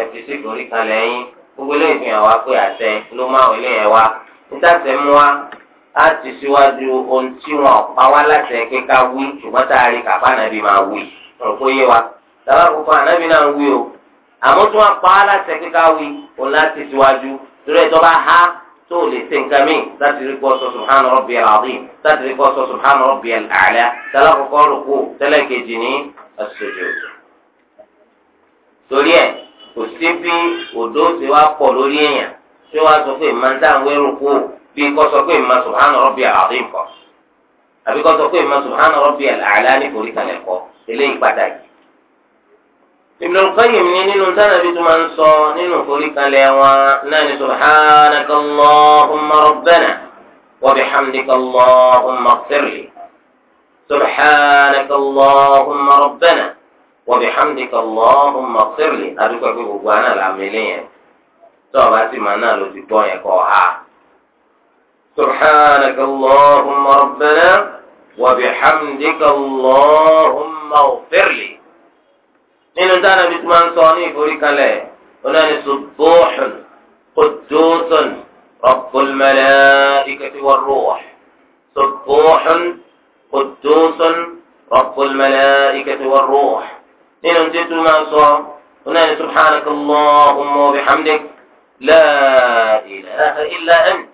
ẹ̀fì sí torí kan lẹ́yìn gbogbo eléyìí fi hàn wá pé àtẹ ló máa wọlé yẹn wá níta tẹ̀ mú wa á ti síwájú ohun tí wọn pa wá láti ẹ̀kẹ́ ká wí ṣùgbọ́n tá a rí kàfá nàbí máa wí ọ̀rọ̀ yé wa tàbá kókó ànábì náà ń wí o àmọ́ tí wọ́n pa wá láti ẹ̀kẹ́ ká wí òun láti síwájú torí ẹ̀ tó bá há tó lè ṣe nǹkan mí láti rí kó sọ subhana rabbiyal azim láti rí kó sọ subhana rabbiyal a'la tẹ́lẹ̀ kọ́kọ́ rò kó tẹ́lẹ̀ kejì ní as-sujud. torí ẹ̀ kò sí bí òdó ti wá pọ̀ lórí èèyàn tí wọ́n á sọ pé màá dáhùn wẹ́rù kó bí kò sọ pé màá subhana rabbiyal azim kọ́ àbí kò sọ pé màá subhana rabbiyal a'la ní forí kalẹ̀ kọ́ eléyìí pàtàkì Ibn Qayyim ní nínú tánàbí tó máa ń sọ nínú foríkalẹ̀ wọn náà ní subhanaka Allahumma rabbana wa bihamdika Allahumma ighfirli subhanaka Allahumma rabbana wa bihamdika Allahumma ighfirli adúgbò pé gbogbo àná làmì lẹ́yìn tó o bá sì máa náà ti gbọ́ yẹn kọ́ ha. سبحانك اللهم ربنا وبحمدك اللهم اغفر لي nínú táwọn ẹbí tó máa ń sọ ní ìforí ìforíkalẹ̀ onáni subuhun kudùsùn qudusun rabbul malaikati war ruh subuhun kudùsùn qudusun rabbul malaikati war ruh nínú tí tó máa ń sọ onáni subhanaka allahumma wa bihamdik la ilaha illa ant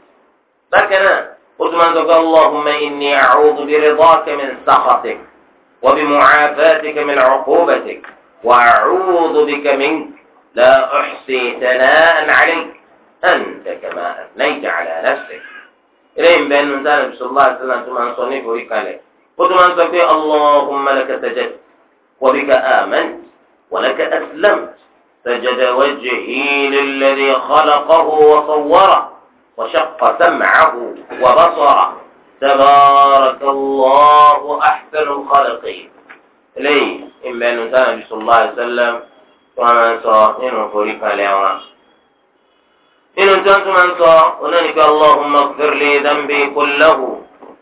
bákan náà ó tó máa ń sọ pé allahumma inni a'udhu biridaka min sakhatik wa bimu'afatika min 'uqubatik. وأعوذ بك منك لا أحصي ثناء عليك أنت كما أثنيت على نفسك إليهم بأن النبي صلى الله عليه وسلم ثم أنصني فويك قلت من أنصني اللهم لك سجدت وبك آمنت ولك أسلمت سجد وجهي للذي خلقه وصوره وشق سمعه وبصره تبارك الله أحسن الخالقين eléyìí ìmẹnu táwọn ibi sọlá àṣẹlẹ wọn máa ń sọ nínú forí kalẹ̀ wọn. nínú tí wọn tún máa ń sọ onáníkà allahumma firli dambi kullahu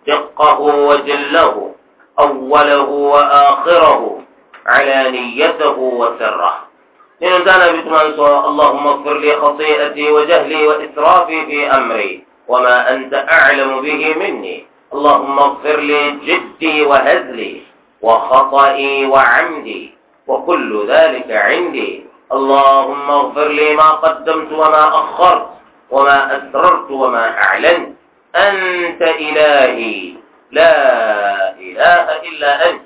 diqqahu wa jallahu awwalahu wa akhirahu alaniyatahu wa sirrahu. nínú táwọn ibi tún máa ń sọ allahumma firli khati'ati wa jahli wa israfi fi amri wa ma anta a'lamu bihi minni allahumma firli jiddi wa hazli. وخطئي وعمدي وكل ذلك عندي اللهم اغفر لي ما قدمت وما أخرت وما أسررت وما أعلنت أنت إلهي لا إله إلا أنت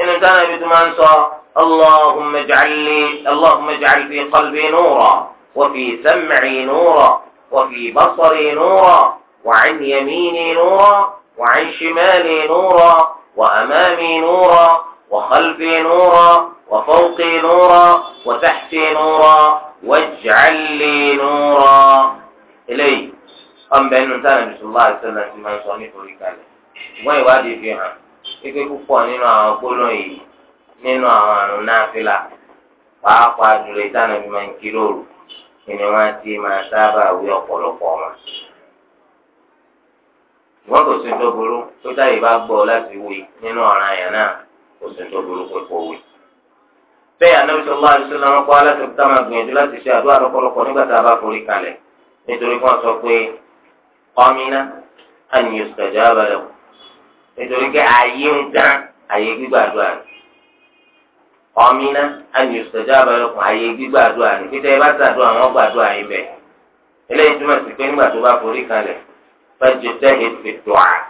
إن كان أنسى اللهم اجعل لي اللهم اجعل في قلبي نورا وفي سمعي نورا وفي بصري نورا وعن يميني نورا وعن شمالي نورا وأمامي نورا وخلفي نورا وفوقي نورا وتحتي نورا واجعل لي نورا إلي أم بأن نتانا بسم الله عليه وسلم في من صنف ركالة wọ́n ìwádìí fi hàn pípé púpọ̀ nínú àwọn gbólóhùn yìí nínú àwọn àrùn náfìlà pàápàá jùlọ ìtànà fi máa ń kí lóru kí ni wọ́n ti máa sábà wí ọ̀pọ̀lọpọ̀ wọn. wọn kò sí tó tó táyì bá gbọ́ láti wí nínú ọ̀ràn àyàn náà kò sí tó burú wí. bẹ́ẹ̀ anábì sallallahu alaihi wasallam kọ́ aláṣẹ tá máa gbìyànjú láti ṣe àdúrà lọ́pọ̀lọpọ̀ nígbà tá a bá forí kalẹ̀ nítorí kí wọ́n sọ pé nítorí pé ààyè ń dán ààyè gbígbà àdúrà rẹ̀ ààyè gbígbà àdúrà rẹ̀ فاجتهد في الدعاء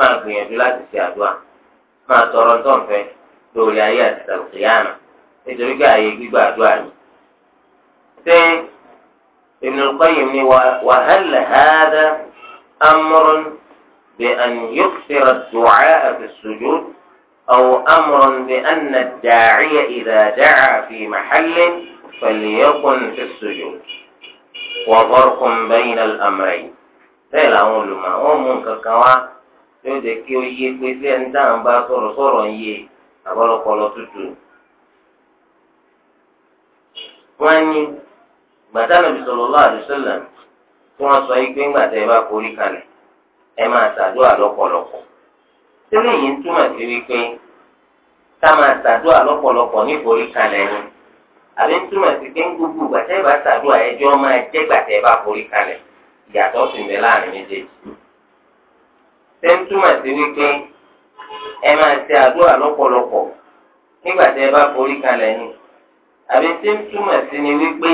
máa gbìyànjú láti ṣe àdúrà máa tọrọ ntọ́nfẹ́ lórí ayé àti tàlùkìyàmà nítorí pé ààyè gbígbà àdúrà ni. ṣé وهل هذا أمر بأن يكثر الدعاء في السجود أو أمر بأن الداعي إذا دعا في محل فليكن في السجود وفرق بين الأمرين bẹ́ẹ̀ làwọn olùmọ̀ wọ́n mú nǹkan kan wá tí ó jẹ́ kí ó yé pé bí ẹni dáhùn bá sọ̀rọ̀ sọ̀rọ̀ ń yé àbọ̀lọpọlọ tútù. wọ́n ní gbàtà nàbì sallallahu alaihi wasallam tí wọ́n sọ yìí pé ńgbà tẹ́ ẹ bá forí kalẹ̀ ẹ máa ṣàdúrà lọ́pọ̀lọpọ̀. sílẹ̀ yìí ń túmọ̀ sí wípé ká máa ṣàdúrà lọ́pọ̀lọpọ̀ ní forí kalẹ̀ ni àbí ń túmọ̀ sí pé ń gbogbo gbàtà ẹ bá ṣàdúrà ẹjọ́ máa jẹ́ gbàtà ẹ bá forí kalẹ̀ ìyàtọ̀ sì ń bẹ láàrin méjèèjì. ṣé ń túmọ̀ sí wípé ẹ máa ṣe àdúrà lọ́pọ̀lọpọ̀ nígbà tí ẹ bá forí kalẹ̀ ni àbí ṣé ń túmọ̀ sí ni wípé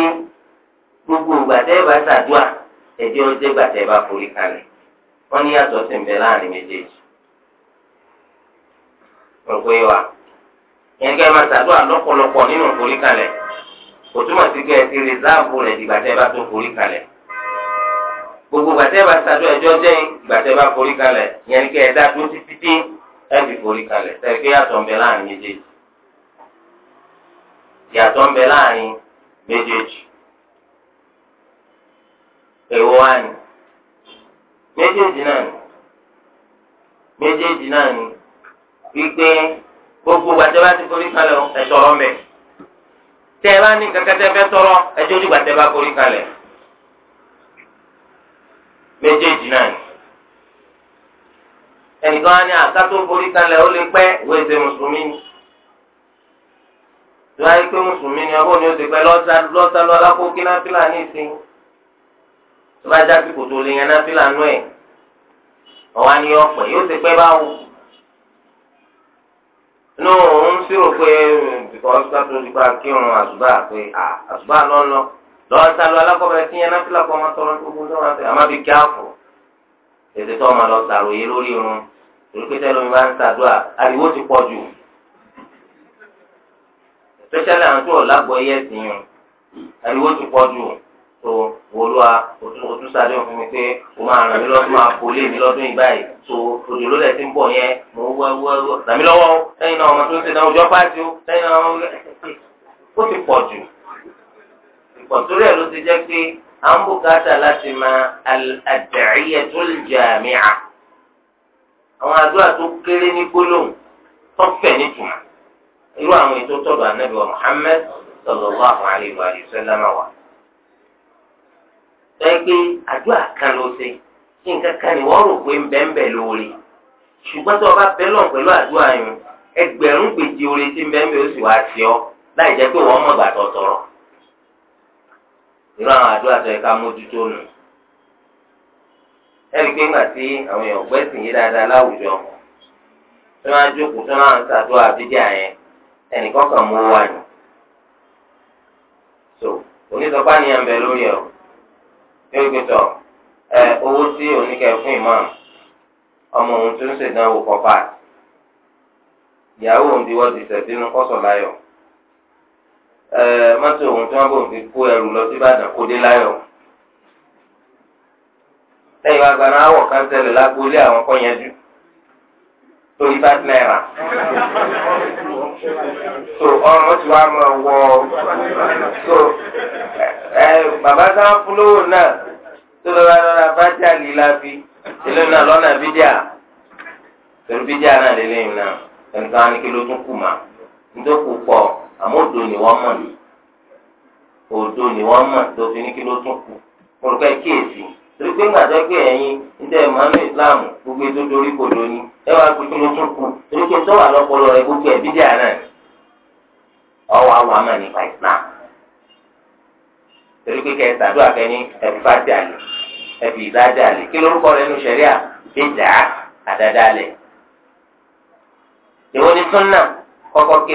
gbogbo ìgbà tẹ́ ẹ bá ṣàdúrà ẹ̀jẹ̀ ọjẹ́ ìgbà tẹ́ ẹ bá forí kalẹ̀ wọ́n ní ìyàtọ̀ sì ń bẹ láàrin méjèèjì. ọ̀pọ̀ ìwà yẹn kẹ́ ẹ máa ṣàdúrà lọ́pọ̀lọpọ̀ nínú forí kalẹ̀ kò túmọ̀ sí pé ẹ ti rìsáàbù rẹ̀ dìgbà tẹ́ ẹ bá tó forí kalẹ̀ gbogbo gbàtẹ́ bá ṣàdúrà ẹjọ́ jẹ́ gbàtẹ́ bá forí kalẹ̀ yẹn ni kẹ́ ẹ dá dúró títí dé ẹ fi forí kalẹ̀ sẹ́yìn pé yàtọ̀ ń bẹ láàrin méjèèjì yàtọ̀ ń bẹ láàrin méjèèjì èwo wá ni méjèèjì náà ni méjèèjì náà ni wípé gbogbo gbàtẹ́ bá ti forí kalẹ̀ ẹ tọrọ mẹ́ tẹ́ ẹ bá ní kankan tẹ́ fẹ́ tọrọ ẹjọ́ ojú gbàtẹ́ bá forí kalẹ̀ méjèèjì náà ni. ẹnìkan á ní àkátó forí kalẹ̀ ó lè pẹ́ ìwé ṣe mùsùlùmí ni. ìwà yìí pé mùsùlùmí ni ọgbọ́n ni ó ti pẹ́ lọ́sà lọ́ alákòókè náfìlà ní ìsìn. tó bá já sí kòtò lè yan náfìlà nú ẹ̀ ọ̀wá ni ọ̀pẹ̀ yóò ti pẹ́ báwo inú òun sì rò pé bìkọ́ sátó nípa kírun àṣùbà pé àṣùbà lọ́nà lọ́wọ́ sálọ alákọ̀ọ́bẹ̀rẹ̀ tí yẹn náà fìlà kọ́ ọmọ tọrọ gbogbo tó wà fẹ́ àmọ́ bí kí á fọ̀ tètè tó ọmọ lọ sàròyé lórí irun torí pé tẹ́lẹ̀ mi máa ń sàdúrà ariwo ti pọ̀ jù especially àwọn tó lágbọ́ iye ẹ̀sìn yìí ariwo ti pọ̀ jù tó wòlúwa òtún sáré fún mi pé o máa ràn mí lọ́dún máa kó lé mi lọ́dún ìgbà yìí tó òjò ló dẹ̀ ti ń bọ̀ yẹn mo wá wá wá ràn mí lọ́wọ́ lẹ́yìn náà ọmọ tó ń ṣe náà ojú ọ́ pàṣẹ o lẹ́yìn náà ó ti pọ̀ ìpọ̀túrú ẹ̀ ló ti jẹ́ pé à ń bùkátà láti mọ al-ad'iyatul jami'a àwọn àdúrà tó kéré ní gbólóhùn tó fẹ̀ nítumọ̀ irú àwọn ètò tọ̀dọ̀ ànábì wa Muhammad sallallahu alayhi wa sallam wa. bẹ́ẹ̀ pé àdúrà kan ló ṣe kí nǹkan kan ni wọ́n rò pé ń bẹ́ẹ̀ bẹ́ẹ̀ lóore ṣùgbọ́n tó o bá bẹ́ẹ̀ lọ pẹ̀lú àdúrà yẹn ẹgbẹ̀rún gbèjì oore tí ń bẹ́ẹ̀ bẹ́ẹ̀ ó sì wá sí ọ láì jẹ́ pé wọ́n mọ̀ gbàtọ̀ tọrọ irú àwọn àdúrà tó yẹ ká mójútó nù ẹni pé ńgbà tí àwọn èèyàn gbẹ́sìn yé dáadáa láwùjọ tó máa jókòó tó máa ń ṣàdúrà bídíà yẹn ẹnìkan kan mú wá ní. so onítọ́pá ni à ń bẹ lórí ẹ̀ o yóò gbé tọ̀ ẹ owó sí oníkẹ́ fún ìmọ̀ ọmọ òun tó ń ṣèdánwò kọ́ ìyàwó òun ti wọ́n ti sẹ̀dínú kọ́sọ̀ láyọ̀ mọ́tò òun tí wọ́n bò ń fi kó ẹrù lọ sí Ìbàdàn kó dé láyọ̀. lẹ́yìn wá gbaná àwọ̀ kan ṣẹlẹ̀ lágbólé àwọn kọ́ yẹn jù torí bá náírà. so ọrùn tí wàá máa wọ so bàbá sáà fúlówó náà tó lọ́ra lọ́ra bá jáde láfi ilé náà lọ́nà bídíà torí bídíà náà lélẹ́yìn náà nǹkan á ní kí ló tún kù mà ń tó kù pọ̀. àmọ́ odò ni wọ́n mọ̀ lé ni wọn mọ tó ní kí tún kù kíyèsí torí pé pé islam gbogbo ètò ni ẹ wá pé kí tún kù torí pé tó wà lọ́pọlọ rẹ gbogbo díà náà àwọn nípa islam torí pé kẹ́ ẹ sàdúrà fẹ́ ní àlè ìdájà àlè rẹ àdáda àlè ìwọ ni súnà kọ́kọ́ ké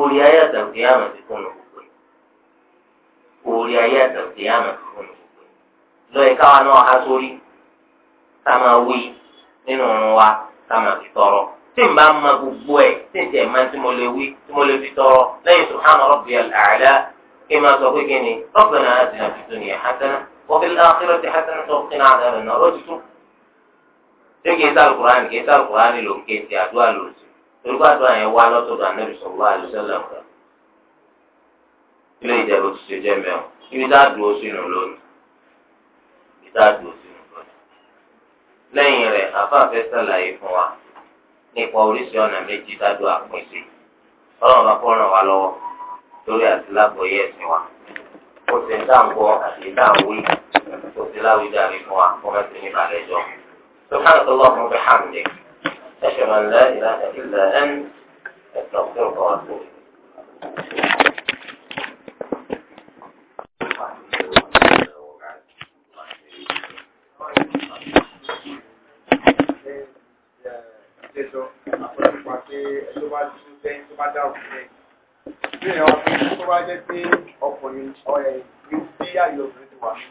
orí ayé àtàkùn yà máa ti fún un gbogbo orí ayé àtàkùn yà máa ti fún un gbogbo lọ́yẹ̀ káwa náà há sórí ká máa wí nínú ọ̀run wa ká máa fi tọrọ tí n bá ma gbogbo ẹ̀ tí n tẹ̀ máa tí mo lè wí tí mo lè fi tọrọ lẹ́yìn subhana rabbiyal a'la kí n máa sọ pé kí ni rabbana atina fid dunya hasana wa fil akhirati hasana wa qina adhaban nar lójútùú. ṣé kìí sálùkùránì kìí sálùkùránì lòun kìí ti àdúrà lòun irúgbà tó àyẹ̀ wá lọ́sọ̀dọ̀ ànábì sọ̀rọ̀ àlùsọ̀lẹ̀ kan ilé ìjẹ́bù ti ṣe jẹ́ mẹ́wọ̀n ibi tá a dúró sínú lónìí ibi tá a dúró sínú lónìí lẹ́yìn rẹ̀ afáfẹ́ sàlàyé fún wa nípa oríṣi ọ̀nà méjì dájú àpín sí ọlọ́run bá fọ́ràn wa lọ́wọ́ torí àti lágbóyè ẹ̀sìn wa kò sí dáńgọ́ àti dáńwí kò sí láwùjáde fún wa kọ́mẹ́sì ní ìbàlẹ́jọ́ sọ́kàtà lọ́kùnrin hàn أشهد أن لا إله إلا أنت أستغفرك وأتوب ìṣẹ́jọ́ àpọ̀lọpọ̀ pé ẹjọ́ bá dúdú lẹ́yìn tó bá dá òkú lẹ́yìn. Bí ìyẹn wá fún tó bá jẹ́ pé ọkùnrin ọ̀rẹ́ ní bí àyè obìnrin ti wà mí.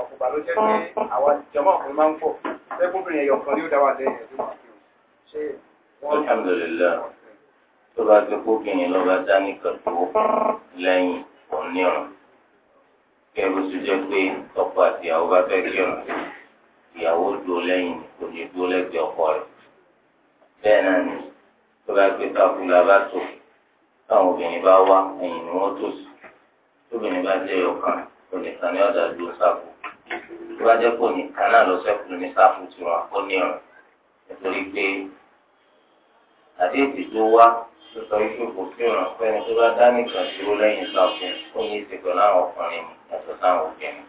Ọ̀pọ̀ ìgbà ló jẹ́ pé àwa jọmọ́ ọkùnrin máa ń pọ̀. Ṣé kóbìnrin ẹ̀yọ̀ kan ni ó dá wa lẹ́yìn ẹ̀jọ́ máa fi alhamdulilayi tó bá ti kó kìnyín lọ́ba dání kàtó lẹ́yìn òníran kí ẹbí tó jẹ́ pé ọkọ àti ìyàwó bá fẹ́ kírun ìyàwó dúró lẹ́yìn kò ní dúró lẹ́gbẹ̀ẹ́ ọkọ rẹ̀ bẹ́ẹ̀ náà ni tó bá gbé káfíńgà bá tó táwọn obìnrin bá wá ẹ̀yìn ni wọ́n tó sí tóbìnrin bá jẹ́ ọ̀kan onìkan ní ọ̀dà dúró sáfù tó bá jẹ́ pé onìkan náà lọ sẹ́kù ní sáfù tiwọn ó ní ọ̀rọ̀ nítorí pé àdéhìí tó wá tó sọ wípé kò sí ọ̀ràn fẹ́ni tó bá dá nìkan dúró lẹ́yìn ìsàkùn ó ní í ṣe pẹ̀lú àwọn ọkùnrin yàtọ̀ sáwọn obìnrin.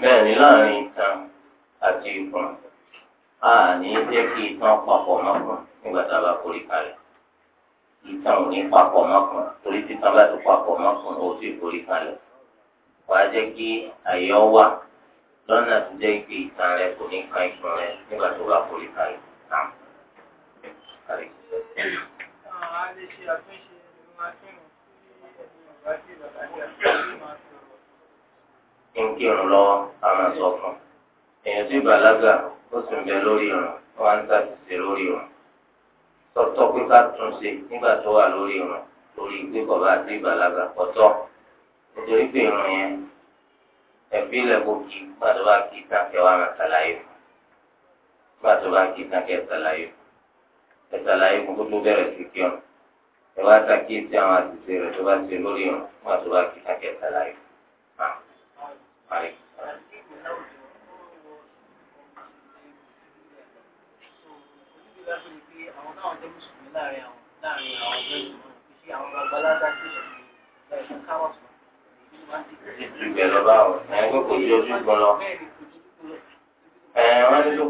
Bẹ́ẹ̀ni láàrin ìtàn àti ikùn àní jẹ́ kí itan papọ̀ mọ́kùn nígbà tá a bá forí kalẹ̀ itan ò ní papọ̀ mọ́kùn torí títan bá ti papọ̀ mọ́kùn ó sì forí kalẹ̀ wàá jẹ́ kí àyè ọ wà lọ́nà tó jẹ́ kí itan rẹ kò ní kan ikùn rẹ nígbà tó bá forí kalẹ̀ náà. Nkírun lọ́wọ́ a máa sọ fún un èèyàn tí bàlágà ó sì ń bẹ lórí ìrun wọn ń ṣàtúnṣe lórí ìrun tọ́tọ́ pé ká tún ṣe nígbà tó wà lórí ìrun torí pé kò bá sí bàlágà pọ̀tọ́ nítorí pé ìrun yẹn ẹ̀fí ilẹ̀ kò kí gbàdó bá kí tán kẹwàá máa ṣàlàyé fún gbàdó bá kí tán kẹ ṣàlàyé fún ẹ ṣàlàyé fún kó tó bẹ̀rẹ̀ sí kí ọ̀run ẹ wá ṣàkíyèsí àwọn àṣìṣe rẹ̀ tó bá ṣe lórí ọ̀run gbàdó bá kí tán kẹ ṣàlàyé fún. dájú ni pé àwọn táwọn jẹ́ mùsùlùmí láàrin àwọn láàrin àwọn ọ̀gbẹ́ ìgbìmọ̀ fi àwọn gbàgbà ládàá sí ìṣẹ̀lẹ̀ láìsí káwọ̀sì ìbẹ̀ lọ́ba ọ̀ ẹ̀ pé kò ju ojú gan lọ ẹ̀ wọ́n ní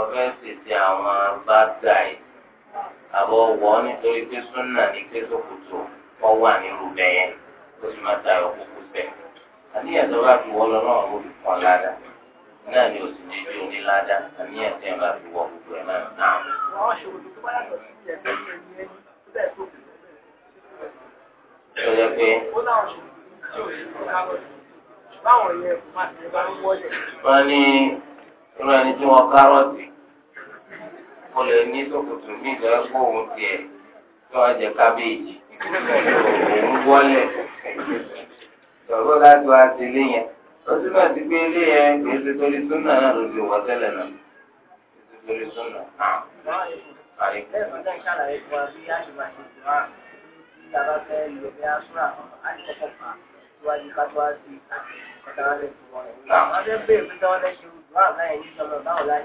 ọ̀fẹ́ sì àwọn bá gáì àbọ̀ wọ̀ ọ́ nítorí pé súnà ní pé sòkòtò kọ́ wà nírú bẹ́ẹ̀ ó sì máa tayọ kókó sẹ́. àníyàn tó bá fi wọ́ lọ náà ó fi kàn náà ni òsì ní bá fi gbogbo ẹ̀ pé wọ́n ní tí wọ́n kárọ̀tì. ó lè ní sókòtò ní ìjọba pé òun tiẹ̀ tó wá jẹ kábíyèjì òun wọlé sọ̀rọ̀ láti wá sí ilé yẹn ó sì bá ti pé ilé yẹn kì í ṣe torí súnà náà ló di òwò náà kì í ṣe torí súnà. bẹ́ẹ̀ mo tẹ́ ṣàlàyé fún wa bí àṣìwà ṣe ti wá bí a bá fẹ́ lò bí a súnà àṣìkọ̀kọ̀ kan síwájú ká tó wá sí ọ̀tá wá fún wọn. àwọn ọdẹ bẹ́ẹ̀ pé táwọn lè ṣe ìdúrà láyé ní sọ̀rọ̀ báwo láyé.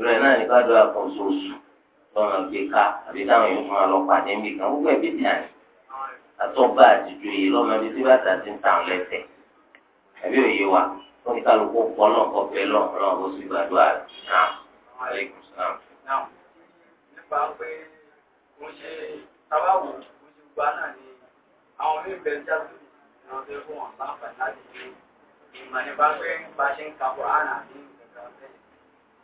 ìrọ̀ náà ní ká dọ́ra kan oṣooṣù lọ́nà gbé ká àbí káwọn èèyàn fún wa lọ pàdé níbi kan gbogbo ẹ̀bí dì àná àtọ́gbà àtijọ́ èyí lọ́mọ ibi tí bàtà ti ń tàn lẹ́sẹ̀ àbí òye wa wọ́n ní kálukú kọ́ náà kọ́ bẹ́ẹ̀ lọ́n ọlọ́run ó sì gbàdúrà rẹ̀ náà aleykum salaam. nípa pé mo ṣe tábàwò ojú gba náà ni àwọn oníbẹ̀ jáde ìrántí fún wọn láǹfààní láti ṣe ìmọ̀ nípa pé bá ṣe ń ka kọ́ àná àti ìgbẹ̀gbẹ̀ ọ̀tẹ̀.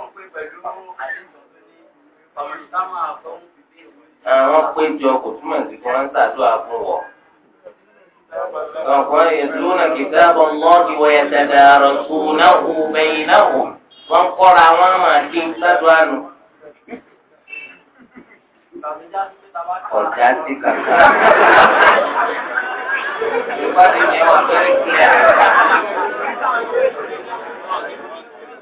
Àwọn péjọ kò túmọ̀ sí kí wọ́n ṣàdúrà fún wọ̀. Ọ̀pọ̀ ìdúnà kìtàbọ̀ mọ́ọ̀dì wọ̀ ẹ̀sẹ̀dà àròsù náà hù bẹ́yìn náà hù. Wọ́n kọ́ra wọn máa kí n ṣàdúrà nù. Ọ̀dà ti kàkà. Ìpàdé yẹn wà pẹ́rẹ́ kílẹ̀.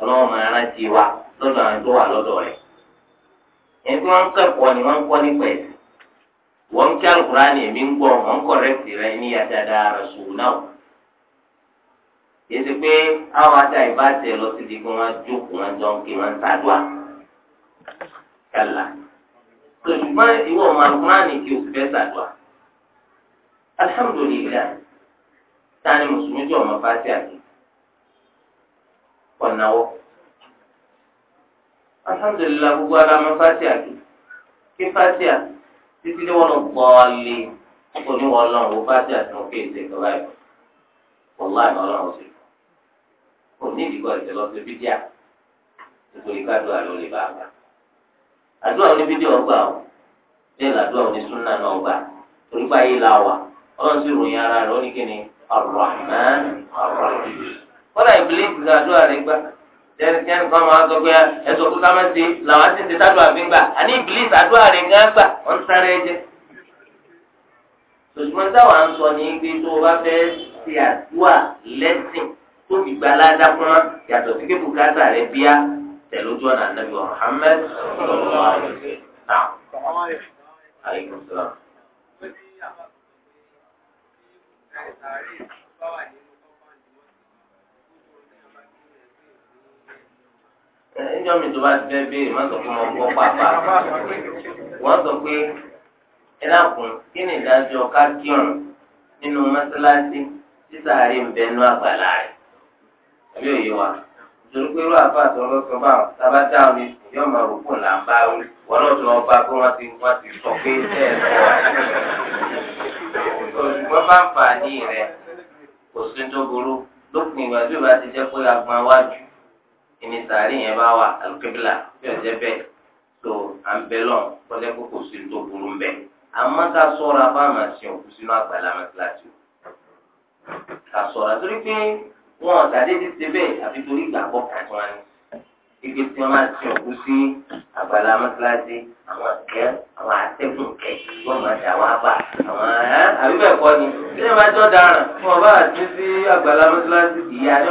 ọlọ́wọ́n máa rántí wa lọ́dọ̀ àwọn tó wà lọ́dọ̀ rẹ̀. ẹni tí wọ́n ń kẹ́kọ̀ọ́ ni wọ́n ń kọ́ nípa ẹ̀sìn. wọ́n ń kí èmi ń gbọ́ wọ́n ń kọ̀rẹ́tì rẹ ní yàtàdà rasul náà. yẹtù pé àwọn ata ìbá lọ sí wọn jókòó wọn jọ ń kí wọn sàdúà. kàlà ṣùgbọ́n ìwọ ọmọ alukurani kí o sì fẹ́ mùsùlùmí jọ kwanawo alhamdulilayi gbogbo alamọ fatia kì kí fatia títí dé wọn gbọ́ọ̀lì oníwọ̀n náà wọn fatia tó ń kéde ìjọba yìí wọláì ọlọ́run ti kò ní ìdíkọ̀ ìjọ lọ sí bídíà nítorí lè bá a gbà. àdúrà ọgbà o bẹ́ẹ̀ làdúrà onísúnà náà gbà torí báyìí la wà ọlọ́run sì ròyìn ara rẹ̀ ó ní kíni ar kọ́dà ìbílẹ̀ ìgbàdúrà rẹ̀ gbà tẹnikẹ́ni kan máa sọ pé ẹ̀sọ́ kó sámẹ́ ṣe làwọn ti ń ṣe sádùá fi ń gbà àní ìbílẹ̀ ìgbàdúrà rẹ̀ gán gbà wọ́n ń sáré jẹ. ṣùgbọ́n táwọn à ń sọ ní pé tó o bá fẹ́ ṣe àdúrà lẹ́sìn tó fi gba aládá fún wa yàtọ̀ sí pé bùkátà rẹ̀ bíá tẹ̀lójú ọ̀nà ànábì Muhammad sọ̀rọ̀ àyè ẹjọ́ mi tó bá ti fẹ́ béèrè wọ́n sọ pé mo gbọ́ pàpà wọ́n sọ pé ẹ dákun kí ni ìdájọ́ ká kírun nínú mọ́sálásí tí sàárè ń bẹ nú àgbàlá rẹ̀ àbí òye wa nítorí pé irú àfa àtọ́rọ́ sọ bá wọn sábà dá omi yóò máa rò fún là ń bá wọn wọn náà tún ọba pé wọn ti wọn ti sọ pé ẹ ẹ lọ wà. olùgbọ́n bá ń fà ní rẹ̀ kò sí tó burú lópin ìgbà tí ò bá ti jẹ́ pé agbọn wájú ìnìtàrí yẹn bá wà alùkébìlà bí ọjọ́ bẹ́ẹ̀ tó à ń bẹ lọ kọjá kókò sí tó burú ń bẹ àmọ́ ká sọ́ra bá àmà sí òkú sínú àgbàlá mẹsàlásì ká sọ́ra torí pé wọn ọ̀tàdé ti ṣe bẹ́ẹ̀ àfi torí ìgbàgbọ́ kan tí wọ́n ní ibi tí wọ́n máa ti òkú sí àgbàlá mẹsàlásì àwọn kẹ́ àwọn atẹ́gùn kẹ́ wọ́n máa dà wá bá àwọn ẹ́ àbí bẹ́ẹ̀ kọ́ ni ilé ìwájú ọ̀daràn fún ọba àti sí àgbàlá mẹsàlásì ìyá ni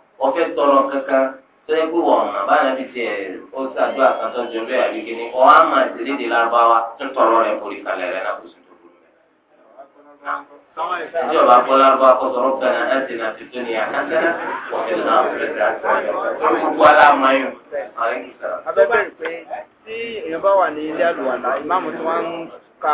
wọ́n fẹ́ tọrọ kankan sọ́yẹ́ pé wọ́n ọ̀nà bá nàbí tiẹ̀ ó ṣàdúrà kan tó jọ bẹ́ẹ̀ àbí kíní ọ̀ á máa tẹ̀lé de lárúbáwá tó tọrọ rẹ̀ forí kalẹ̀ rẹ̀ náà kò sí tó burú bẹ́ẹ̀. ìjọ bá bọ́ lárúbáwá kó sọ̀rọ̀ gánà láti nà fi tóní àhásánà wọ́n fi náà fi dà gbogbo aláàmáyọ̀ àrẹ́kìsà. abẹ́bẹ̀rẹ̀ pé tí èèyàn bá wà ní ilé àlùwàlá ìmáàmù tí wọ́n ń ka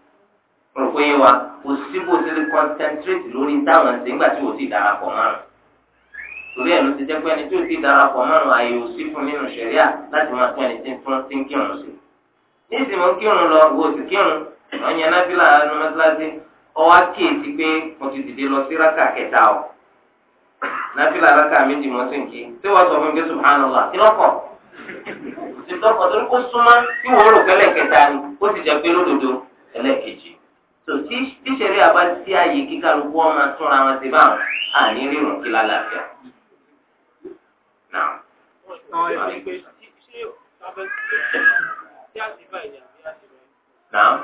rò pé wa kò sí bó ti lè concentrate lórí táwọn ṣe nígbà tí o ti darapọ̀ márùn torí ẹ̀ ló ti jẹ́ pé ẹni tí o ti darapọ̀ márùn ààyè ò sí fún nínú ṣẹ̀ríà láti máa tún ẹni tí fún tí ń kírun sí ní ìsìnkú kírun lọ wo sì kírun wọn yẹn ọwọ́ lọ sí rákà kẹta tò tí tíṣẹ̀rí àbá tí ààyè kíkàlùkù ọmọ túnra wọn ti bá wọn àní rírun kí lálàáfíà. Nàá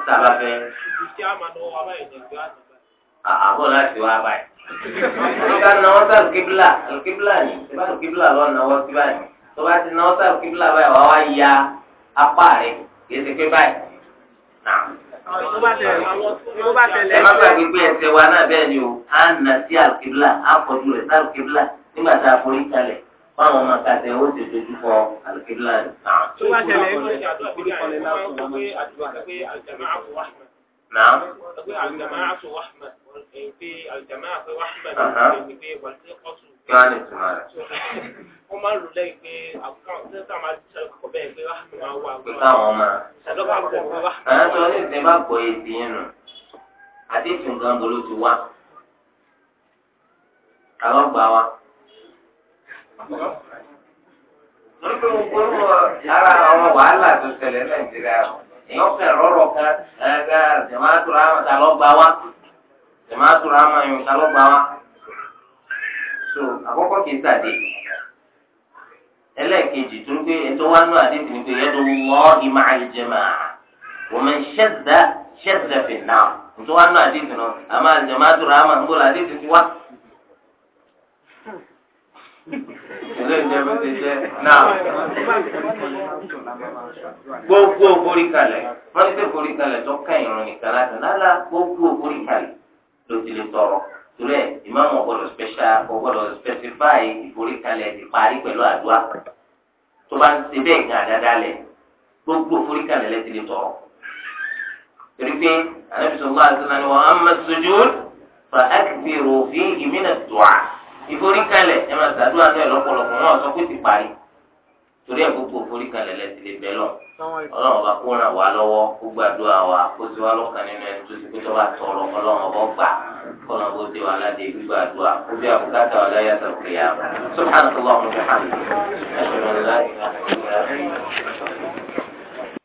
sábà fẹ́. Àbọ̀ láti wá báyìí. Ìgbà náwó sáà kíbla kíbla ni ìgbà kíbla lọ náwó sí báyìí. Tó bá ti náwó sáà kíbla báyìí wá wá ya apá rẹ̀ kì í ṣe pé báyìí. Nàá ẹ má gbàgbé pé ẹsẹ̀ wa náà bẹ́ẹ̀ ni o á nà sí àlùkìbílà á kọjú rẹ̀ sí àlùkìbílà nígbà tá a forí kalẹ̀ fáwọn ọmọ kàtẹ ó ti dojú kọ àlùkìbílà rẹ̀. نعم الجماعة رحمة في الجماعة رحمة في والفرقة kí wọ́n á lè túmọ̀ rẹ̀. wọ́n máa ń lò lẹ́yìn pé àbúkàn tí wọ́n máa ṣe ọkọ̀ bẹ́ẹ̀ pé wọ́n máa wà. pé káwọn máa. ṣàdọ́gba pọ̀ pé wá. àwọn tó ní ìsìn bá gbọ́ èdè nù àdéhùn gan bolo ti gbogbo ara àwọn wàhálà tó ṣẹlẹ̀ nàìjíríà èèyàn fẹ́ rọ́rọ̀ kan ẹ̀ẹ́dẹ́gbẹ̀rún jẹ̀máàtúrà àmọ̀ ta lọ́gbà wá jẹ̀máàtúrà àmọ̀ yòó ta lọ́gbà wá. so àkọ́kọ́ kì í sàdé ẹlẹ́ẹ̀kejì tó ń pé ẹ̀tọ́ wá nù àdéhùn ni pé yẹ́dọ̀ wọ́ ìmọ̀ àlìjẹ̀mà wọ́n mọ̀ ṣẹ́dá ṣẹ́dá fi nà ẹ̀tọ́ wá nù àdéhùn náà àmọ́ àlìjẹ̀mà tó rà ń gbọ́dọ̀ àdéhùn ti wá. gbogbo borí kalẹ̀ wọ́n ti fẹ́ borí kalẹ̀ tó nìkan láti gbogbo borí torí ẹ ìmáàmù ọgbọ́dọ̀ special ọgbọ́dọ̀ specify ìforíkalẹ̀ ti parí pẹ̀lú àdúrà tó bá ń ṣe bẹ́ẹ̀ gan àdáda lẹ gbogbo ìforíkalẹ̀ lẹ ti lè tọrọ torí pé Ànábì sallallahu alaihi wasallam wa amma sujud fa akbiru fihi mina du'a ìforíkalẹ̀ ẹ máa ṣàdúrà náà lọ́pọ̀lọpọ̀ wọn sọ pé ti parí torí ẹ̀ gbogbo òforí kan lẹ̀lẹ́ ti lè bẹ́ lọ ọlọ́run ọba kó ràn wá lọ́wọ́ kó gbàdúrà wa kó ti wá lọ́kàn nínú ẹni tó ti pé tó bá tọrọ ọlọ́run ọba gbà kọ́nà kó ti wà ládé gbígbàdúrà kó bí àbúkátà wà láyé àtàkùn yà sọ́kàn tó wà fún mi hàn.